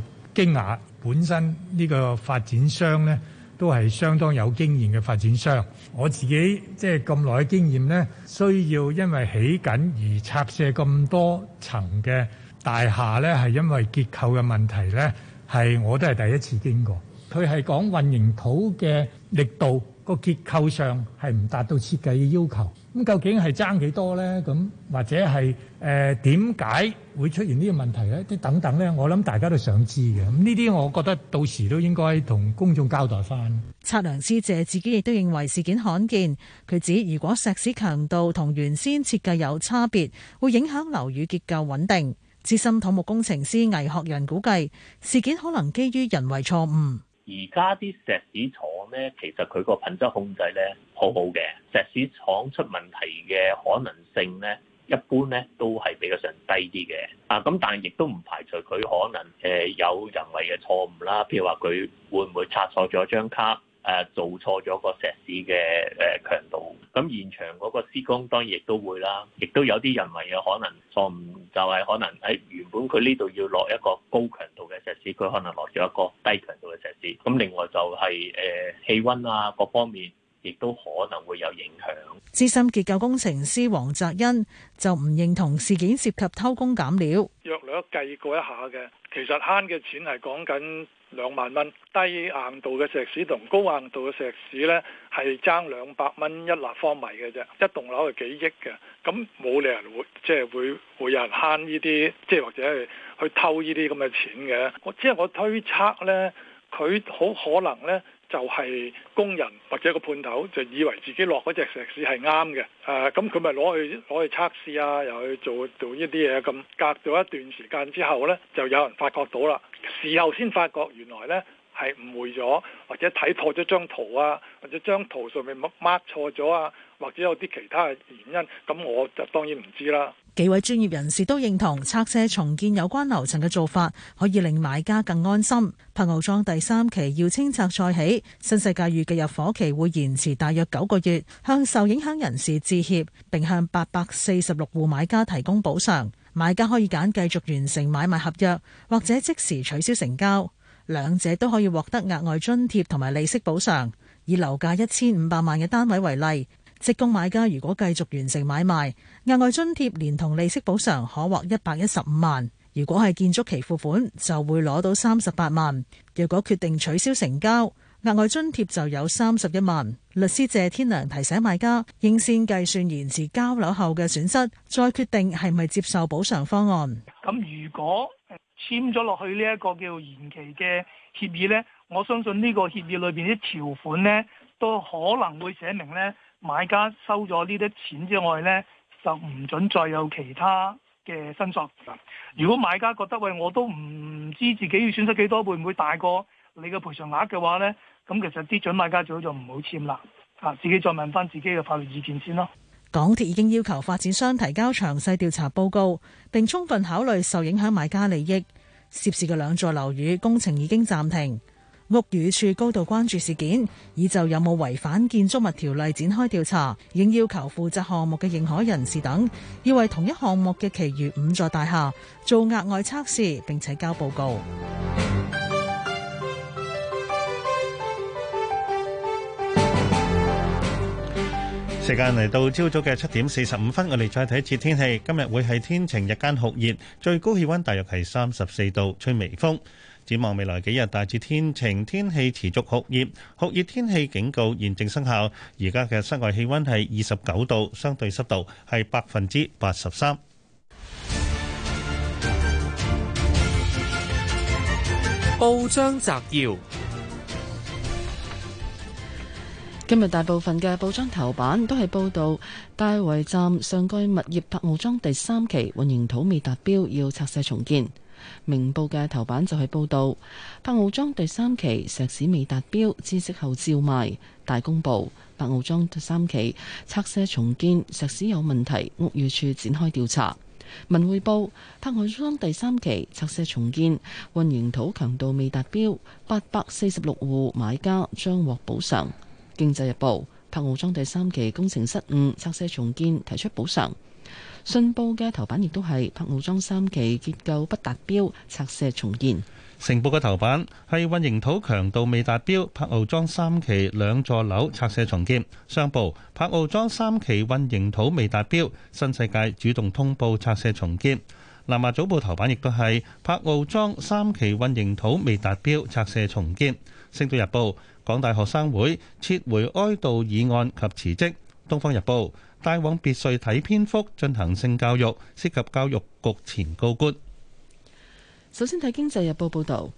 Q: 訝，本身呢個發展商呢都係相當有經驗嘅發展商。我自己即係咁耐嘅經驗呢，需要因為起緊而拆卸咁多層嘅大廈呢，係因為結構嘅問題呢，係我都係第一次經過。佢係講運營土嘅力度個結構上係唔達到設計嘅要求。咁究竟係爭幾多呢？咁或者係誒點解會出現呢個問題呢？啲等等呢，我諗大家都想知嘅。咁呢啲我覺得到時都應該同公眾交代翻。
M: 測量師謝自己亦都認為事件罕見。佢指如果石屎強度同原先設計有差別，會影響樓宇結構穩定。資深土木工程師魏學仁估計事件可能基於人為錯誤。
G: 而家啲石屎廠咧，其實佢個品質控制咧好好嘅，石屎廠出問題嘅可能性咧一般咧都係比較上低啲嘅。啊，咁但係亦都唔排除佢可能誒、呃、有人為嘅錯誤啦，譬如話佢會唔會拆錯咗張卡？誒做錯咗個石屎嘅誒強度，咁現場嗰個施工當然亦都會啦，亦都有啲人為有可能錯誤，就係、是、可能喺原本佢呢度要落一個高強度嘅石屎，佢可能落咗一個低強度嘅石屎。咁另外就係、是、誒、呃、氣溫啊各方面。亦都可能會有影
Q: 響。
M: 資深結構工程師黃澤恩就唔認同事件涉及偷工減料。
Q: 約略計過一下嘅，其實慳嘅錢係講緊兩萬蚊。低硬度嘅石屎同高硬度嘅石屎呢係爭兩百蚊一立方米嘅啫。一棟樓係幾億嘅，咁冇理由會即係會會有人慳呢啲，即係或者係去偷呢啲咁嘅錢嘅。我即係我推測呢，佢好可能呢。就係工人或者個判頭就以為自己落嗰隻石屎係啱嘅，誒咁佢咪攞去攞去測試啊，又去做做呢啲嘢，咁隔咗一段時間之後呢，就有人發覺到啦，事後先發覺原來呢係誤會咗，或者睇錯咗張圖啊，或者張圖上面 m a r 錯咗啊，或者有啲其他嘅原因，咁我就當然唔知啦。
M: 幾位專業人士都認同拆卸重建有關樓層嘅做法，可以令買家更安心。柏傲莊第三期要清拆再起，新世界預計入伙期會延遲大約九個月，向受影響人士致歉並向八百四十六戶買家提供補償。買家可以揀繼續完成買賣合約，或者即時取消成交，兩者都可以獲得額外津貼同埋利息補償。以樓價一千五百萬嘅單位為例。職工買家如果繼續完成買賣，額外津貼連同利息補償可獲一百一十五萬；如果係建築期付款，就會攞到三十八萬。若果決定取消成交，額外津貼就有三十一萬。律師謝天良提醒買家應先計算延遲交樓後嘅損失，再決定係咪接受補償方案。
Q: 咁如果簽咗落去呢一個叫延期嘅協議呢，我相信呢個協議裏邊啲條款呢，都可能會寫明呢。買家收咗呢啲錢之外咧，就唔准再有其他嘅申索。如果買家覺得喂，我都唔知自己要損失幾多，會唔會大過你嘅賠償額嘅話咧，咁其實啲準買家最好就唔好簽啦，嚇自己再問翻自己嘅法律
M: 意見先咯。港鐵已經要求發展商提交詳細調查報告，並充分考慮受影響買家利益。涉事嘅兩座樓宇工程已經暫停。屋宇署高度關注事件，已就有冇違反建築物條例展開調查，應要求負責項目嘅認可人士等，要為同一項目嘅其餘五座大廈做額外測試，並且交報告。
D: 時間嚟到朝早嘅七點四十五分，我哋再睇一次天氣。今日會係天晴，日間酷熱，最高氣溫大約係三十四度，吹微風。展望未來幾日大致天晴，天氣持續酷熱，酷熱天氣警告現正生效。而家嘅室外氣溫係二十九度，相對濕度係百分之八十三。報章摘要：
C: 今日大部分嘅報章頭版都係報導大圍站上蓋物業柏傲莊第三期混凝土未達標，要拆卸重建。明報嘅頭版就係報道柏傲莊第三期石屎未達標，知悉後照賣。大公報，柏傲莊第三期拆卸重建石屎有問題，屋宇處展開調查。文匯報，柏傲莊第三期拆卸重建混凝土強度未達標，八百四十六戶買家將獲補償。經濟日報，柏傲莊第三期工程失誤拆卸重建提出補償。信報嘅頭版亦都係柏傲莊三期結構不達標，拆卸重建。
D: 成報嘅頭版係混凝土強度未達標，柏傲莊三期兩座樓拆卸重建。商報柏傲莊三期混凝土未達標，新世界主動通報拆卸重建。南華早報頭版亦都係柏傲莊三期混凝土未達標，拆卸重建。星島日報港大學生會撤回哀悼議案及辭職。東方日報帶往別墅睇蝙蝠進行性教育，涉及教育局前高官。
C: 首先睇《經濟日報》報導，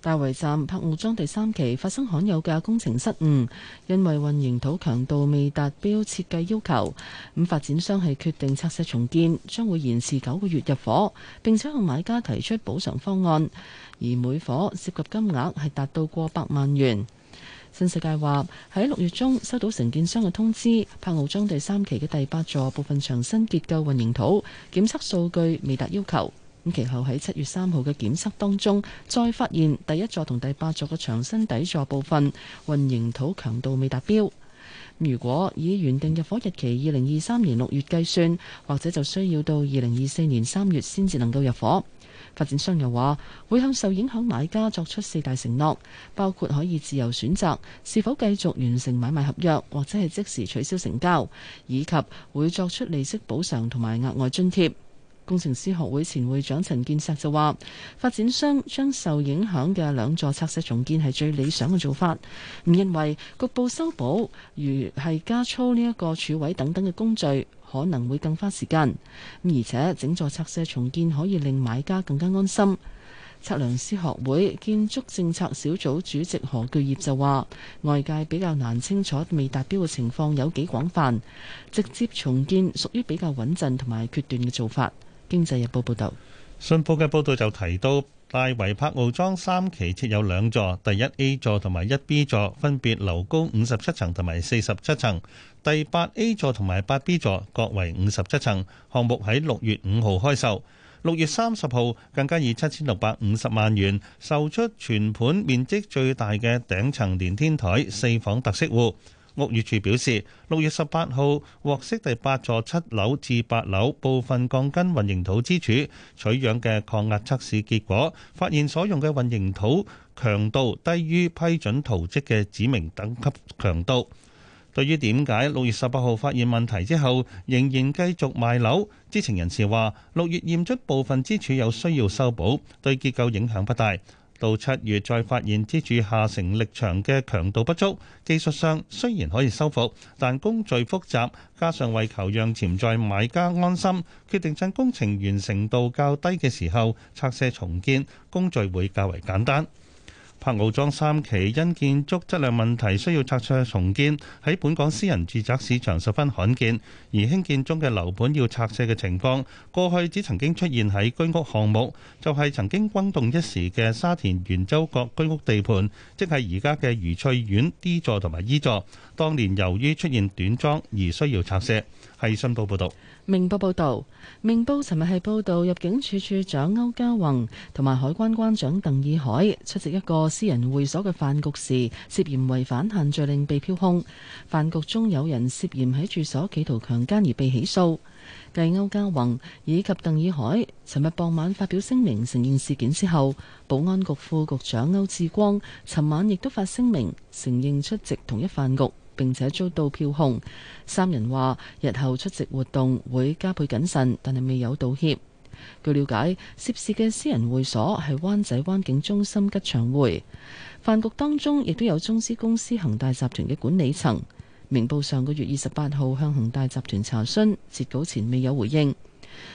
C: 大圍站柏傲莊第三期發生罕有嘅工程失誤，因為混凝土強度未達標設計要求，咁發展商係決定拆卸重建，將會延遲九個月入伙，並且向買家提出補償方案，而每伙涉及金額係達到過百萬元。新世界話喺六月中收到承建商嘅通知，柏傲莊第三期嘅第八座部分牆身結構混凝土檢測數據未達要求。咁其後喺七月三號嘅檢測當中，再發現第一座同第八座嘅牆身底座部分混凝土強度未達標。如果以原定入伙日期二零二三年六月計算，或者就需要到二零二四年三月先至能夠入伙。發展商又話會向受影響買家作出四大承諾，包括可以自由選擇是否繼續完成買賣合約，或者係即時取消成交，以及會作出利息補償同埋額外津貼。工程師學會前會長陳建碩就話，發展商將受影響嘅兩座拆卸重建係最理想嘅做法，唔認為局部修補如係加粗呢一個柱位等等嘅工序。可能會更花時間，而且整座拆卸重建可以令買家更加安心。測量師學會建築政策小組主席何巨業就話：外界比較難清楚未達標嘅情況有幾廣
D: 泛，直接重建屬於比較穩陣同埋決斷嘅做法。經濟日報報導，信報嘅報道就提到，大圍柏傲莊三期設有兩座，第一 A 座同埋一 B 座，分別樓高五十七層同埋四十七層。第八 A 座同埋八 B 座各為五十七層，項目喺六月五號開售，六月三十號更加以七千六百五十萬元售出全盤面積最大嘅頂層連天台四房特色戶。屋宇署表示，六月十八號獲悉第八座七樓至八樓部分鋼筋混凝土支柱取樣嘅抗壓測試結果，發現所用嘅混凝土強度低於批准圖則嘅指明等級強度。對於點解六月十八號發現問題之後，仍然繼續賣樓？知情人士話：六月驗出部分支柱有需要修補，對結構影響不大。到七月再發現支柱下承力牆嘅強度不足，技術上雖然可以修復，但工序複雜，加上為求讓潛在買家安心，決定趁工程完成度較低嘅時候拆卸重建，工序會較為簡單。柏傲莊三期因建築質量問題需要拆卸重建，喺本港私人住宅市場十分罕見。而興建中嘅樓盤要拆卸嘅情況，過去只曾經出現喺居屋項目，就係、是、曾經轟動一時嘅沙田圓洲角居屋地盤，即係而家嘅愉翠苑 D 座同埋 E 座。當年由於出現短裝而需要拆卸，係信報報道。
C: 明報報道，明報尋日係報道入境處處長歐家宏同埋海關關長鄧以海出席一個私人會所嘅飯局時，涉嫌違反限聚令被票控。飯局中有人涉嫌喺住所企圖強姦而被起訴。繼歐家宏以及鄧以海尋日傍晚發表聲明承認事件之後，保安局副局長歐志光尋晚亦都發聲明承認出席同一飯局並且遭到票控，三人話：日後出席活動會加倍謹慎，但係未有道歉。據了解，涉事嘅私人會所係灣仔灣景中心吉祥會，飯局當中亦都有中資公司恒大集團嘅管理層。明報上個月二十八號向恒大集團查詢，截稿前未有回應。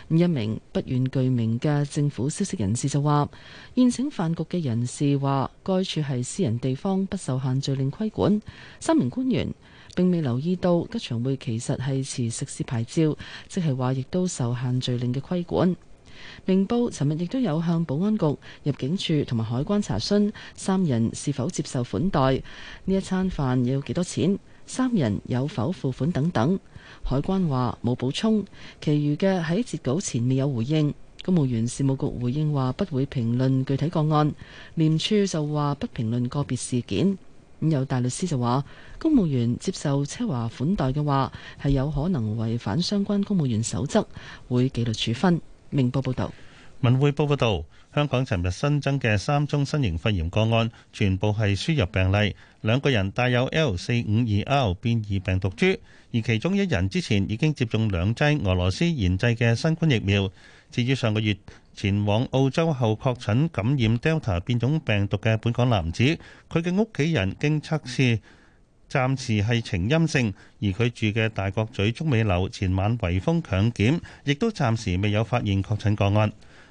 C: 一名不願具名嘅政府消息人士就話：宴請飯局嘅人士話，該處係私人地方，不受限聚令規管。三名官員並未留意到吉祥會其實係持食肆牌照，即係話亦都受限聚令嘅規管。明報尋日亦都有向保安局、入境處同埋海關查詢三人是否接受款待，呢一餐飯要幾多錢，三人有否付款等等。海關話冇補充，其餘嘅喺截稿前未有回應。公務員事務局回應話不會評論具體個案，廉署就話不評論個別事件。咁有大律師就話，公務員接受奢華款待嘅話，係有可能違反相關公務員守則，會紀律處分。明報報道。
D: 文匯報報道，香港尋日新增嘅三宗新型肺炎個案，全部係輸入病例，兩個人帶有 L 四五二 R 變異病毒株，而其中一人之前已經接種兩劑俄羅斯研製嘅新冠疫苗。至於上個月前往澳洲後確診感染 Delta 變種病毒嘅本港男子，佢嘅屋企人經測試暫時係呈陰性，而佢住嘅大角咀中美樓前晚圍封強檢，亦都暫時未有發現確診個案。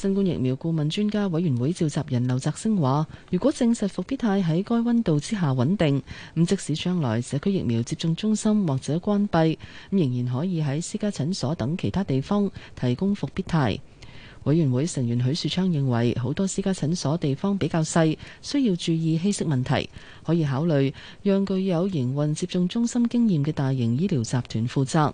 C: 新冠疫苗顧問專家委員會召集人劉澤星話，如果證實復必泰喺該温度之下穩定，咁即使將來社區疫苗接種中心或者關閉，咁仍然可以喺私家診所等其他地方提供復必泰。委員會成員許樹昌認為，好多私家診所地方比較細，需要注意稀釋問題，可以考慮讓具有營運接種中心經驗嘅大型醫療集團負責。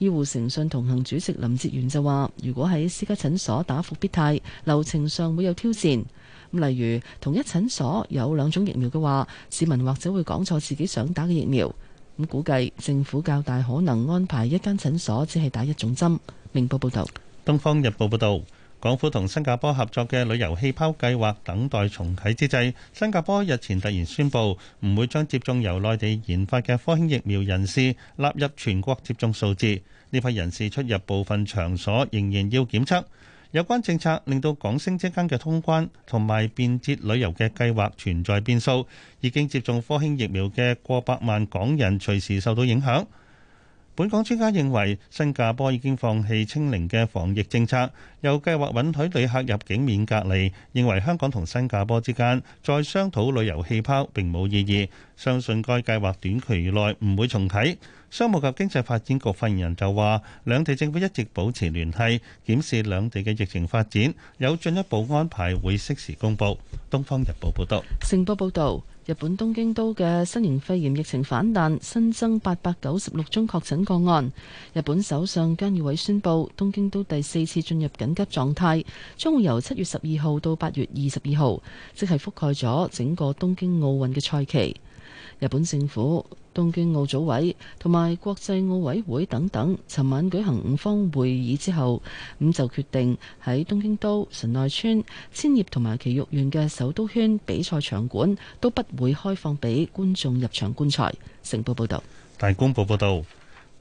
C: 醫護誠信同行主席林哲元就話，如果喺私家診所打復必泰，流程上會有挑戰。例如同一診所有兩種疫苗嘅話，市民或者會講錯自己想打嘅疫苗。咁估計政府較大可能安排一間診所只係打一種針。
D: 明報報道。《東方日報》報導。港府同新加坡合作嘅旅遊氣泡計劃等待重啟之際，新加坡日前突然宣布唔會將接種由內地研發嘅科興疫苗人士納入全國接種數字。呢批人士出入部分場所仍然要檢測。有關政策令到港星之間嘅通關同埋便捷旅遊嘅計劃存在變數，已經接種科興疫苗嘅過百萬港人隨時受到影響。本港專家認為新加坡已經放棄清零嘅防疫政策，又計劃允許旅客入境免隔離，認為香港同新加坡之間再商討旅遊氣泡並冇意義。相信該計劃短期內唔會重啟。商務及經濟發展局發言人就話，兩地政府一直保持聯繫，檢視兩地嘅疫情發展，有進一步安排會適時公布。《東方日報》報道，
C: 星報報導。日本東京都嘅新型肺炎疫情反彈，新增八百九十六宗確診個案。日本首相菅義偉宣布，東京都第四次進入緊急狀態，將會由七月十二號到八月二十二號，即係覆蓋咗整個東京奧運嘅賽期。日本政府、東京奧組委同埋國際奧委會等等，尋晚舉行五方會議之後，咁就決定喺東京都、神奈川、千葉同埋埼玉縣嘅首都圈比賽場館都不會開放俾觀眾入場觀賽。
D: 成報報道。大公報報導。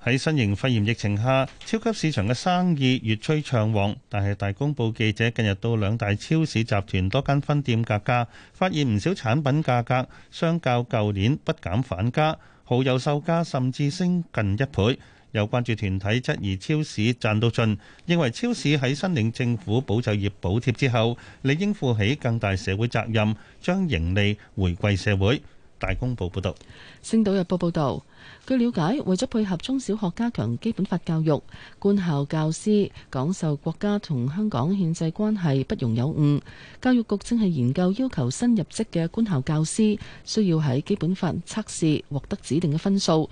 D: 喺新型肺炎疫情下，超級市場嘅生意越趨暢旺，但係大公報記者近日到兩大超市集團多間分店格價，發現唔少產品價格相較舊年不減反加，蠔油售價甚至升近一倍。有關注團體質疑超市賺到盡，認為超市喺申領政府保就業補貼之後，理應負起更大社會責任，將盈利回饋社會。大公報報導。
C: 《星島日報》報導。據了解，為咗配合中小學加強基本法教育，官校教師講授國家同香港憲制關係不容有誤，教育局正係研究要求新入職嘅官校教師需要喺基本法測試獲得指定嘅分數，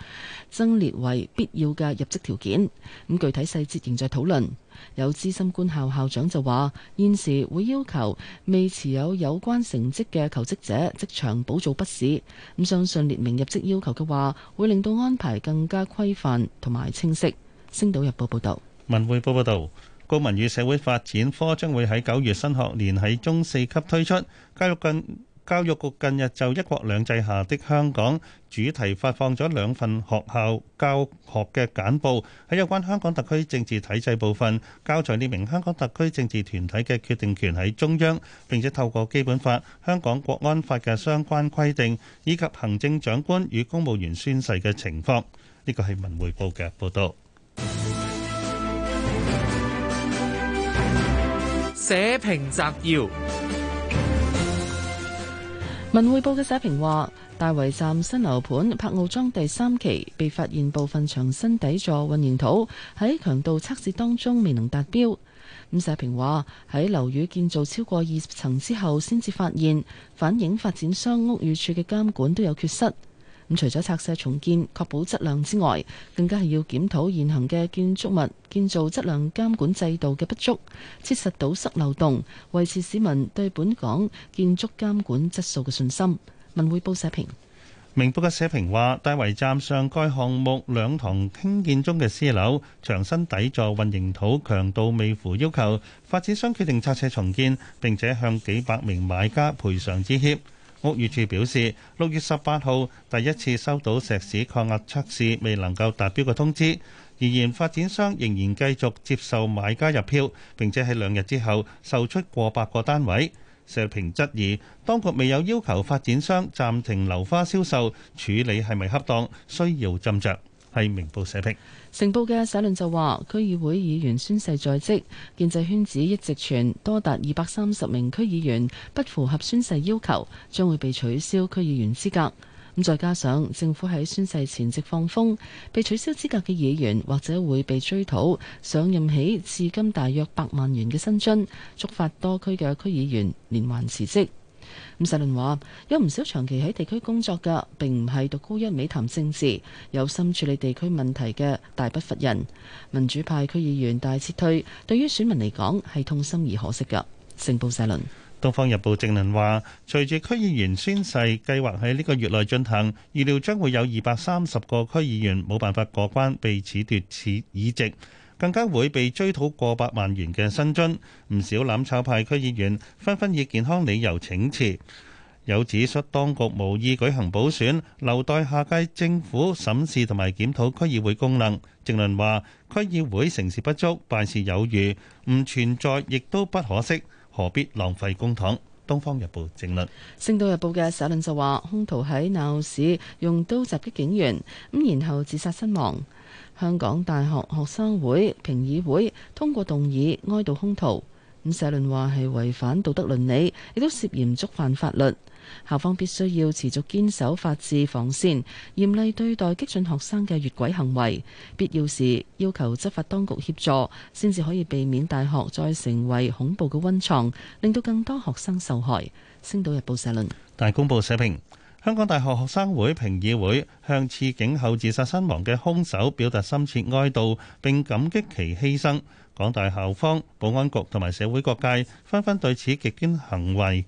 C: 增列為必要嘅入職條件。咁具體細節仍在討論。有資深官校校長就話，現時會要求未持有有關成績嘅求職者，即場補做筆試。咁相信列明入職要求嘅話，會令到。安排更加規範同埋清晰。星島日報報道，
D: 文匯報報道，公民與社會發展科將會喺九月新學年喺中四級推出教育近。教育局近日就一國兩制下的香港主題發放咗兩份學校教學嘅簡報，喺有關香港特區政治體制部分，教材列明香港特區政治團體嘅決定權喺中央，並且透過基本法、香港國安法嘅相關規定以及行政長官與公務員宣誓嘅情況。呢個係文匯報嘅報道，社評摘要。
C: 文匯報嘅社評話：大圍站新樓盤柏傲莊第三期被發現部分牆身底座混凝土喺強度測試當中未能達標。咁社評話喺樓宇建造超過二十層之後先至發現，反映發展商屋宇署嘅監管都有缺失。咁除咗拆卸重建、確保質量之外，更加係要檢討現行嘅建築物建造質量監管制度嘅不足，切實堵塞漏洞，維持市民對本港建築監管質素嘅信心。文匯報社評。
D: 明報嘅社評話：大圍站上蓋項目兩幢興建中嘅私樓，牆身底座混凝土強度未符要求，發展商決定拆卸重建，並且向幾百名買家賠償致歉。屋宇署表示，六月十八號第一次收到石屎抗壓測試未能夠達標嘅通知，然而發展商仍然繼續接受買家入票，並且喺兩日之後售出過百個單位。社評質疑，當局未有要求發展商暫停樓花銷售，處理係咪恰當，需要斟酌。係明報社評，
C: 成報嘅社論就話區議會議員宣誓在即，建制圈子一直傳多達二百三十名區議員不符合宣誓要求，將會被取消區議員資格。咁再加上政府喺宣誓前夕放風，被取消資格嘅議員或者會被追討上任起至今大約百萬元嘅薪津，觸發多區嘅區議員連環辭職。社論話：有唔少長期喺地區工作嘅，並唔係讀高一味談政治，有心處理地區問題嘅大不乏人民主派區議員大撤
D: 退，對於選民嚟講係痛心而可惜噶。成報。社論《東方日報》正論話：隨住區議員宣誓計劃喺呢個月內進行，預料將會有二百三十個區議員冇辦法過關，被褫奪此議席。更加會被追討過百萬元嘅薪津，唔少攬炒派區議員紛紛以健康理由請辭，有指率當局無意舉行補選，留待下屆政府審視同埋檢討區議會功能。正論話區議會成事不足，敗事有餘，唔存在亦都不可惜，何必浪費公帑？《東方日報》正論，
C: 《星島日報》嘅社論就話兇徒喺鬧市用刀襲擊警員，咁然後自殺身亡。香港大學學生會評議會通過動議哀悼兇徒，咁社論話，係違反道德倫理，亦都涉嫌觸犯法律。校方必須要持續堅守法治防線，嚴厲對待激進學生嘅越軌行為，必要時要求執法當局協助，先至可以避免大學再成為恐怖嘅溫床，令到更多學生受害。
D: 星島日報社論。大公報社評。香港大學學生會評議會向刺警後自殺身亡嘅兇手表達深切哀悼，並感激其犧牲。港大校方、保安局同埋社會各界紛紛對此極端行為、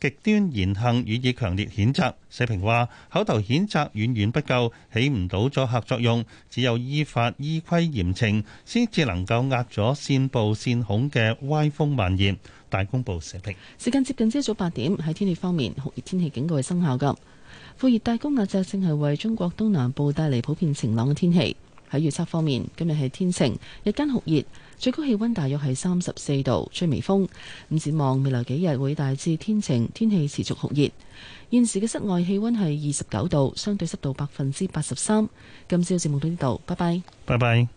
D: 極端言行予以強烈譴責。社評話：口頭譴責遠遠不夠，起唔到阻嚇作用，只有依法依規嚴懲，先至能夠壓咗煽暴煽恐嘅歪風蔓延。大公報社評。
C: 時間接近朝早八點，喺天氣方面，酷熱天氣警告係生效嘅。副熱帶高壓脊正係為中國東南部帶嚟普遍晴朗嘅天氣。喺預測方面，今日係天晴，日間酷熱，最高氣温大約係三十四度，吹微風。咁展望未來幾日會大致天晴，天氣持續酷熱。現時嘅室外氣温係二十九度，相對濕度百分之八十
I: 三。今朝節目到呢度，拜拜。拜拜。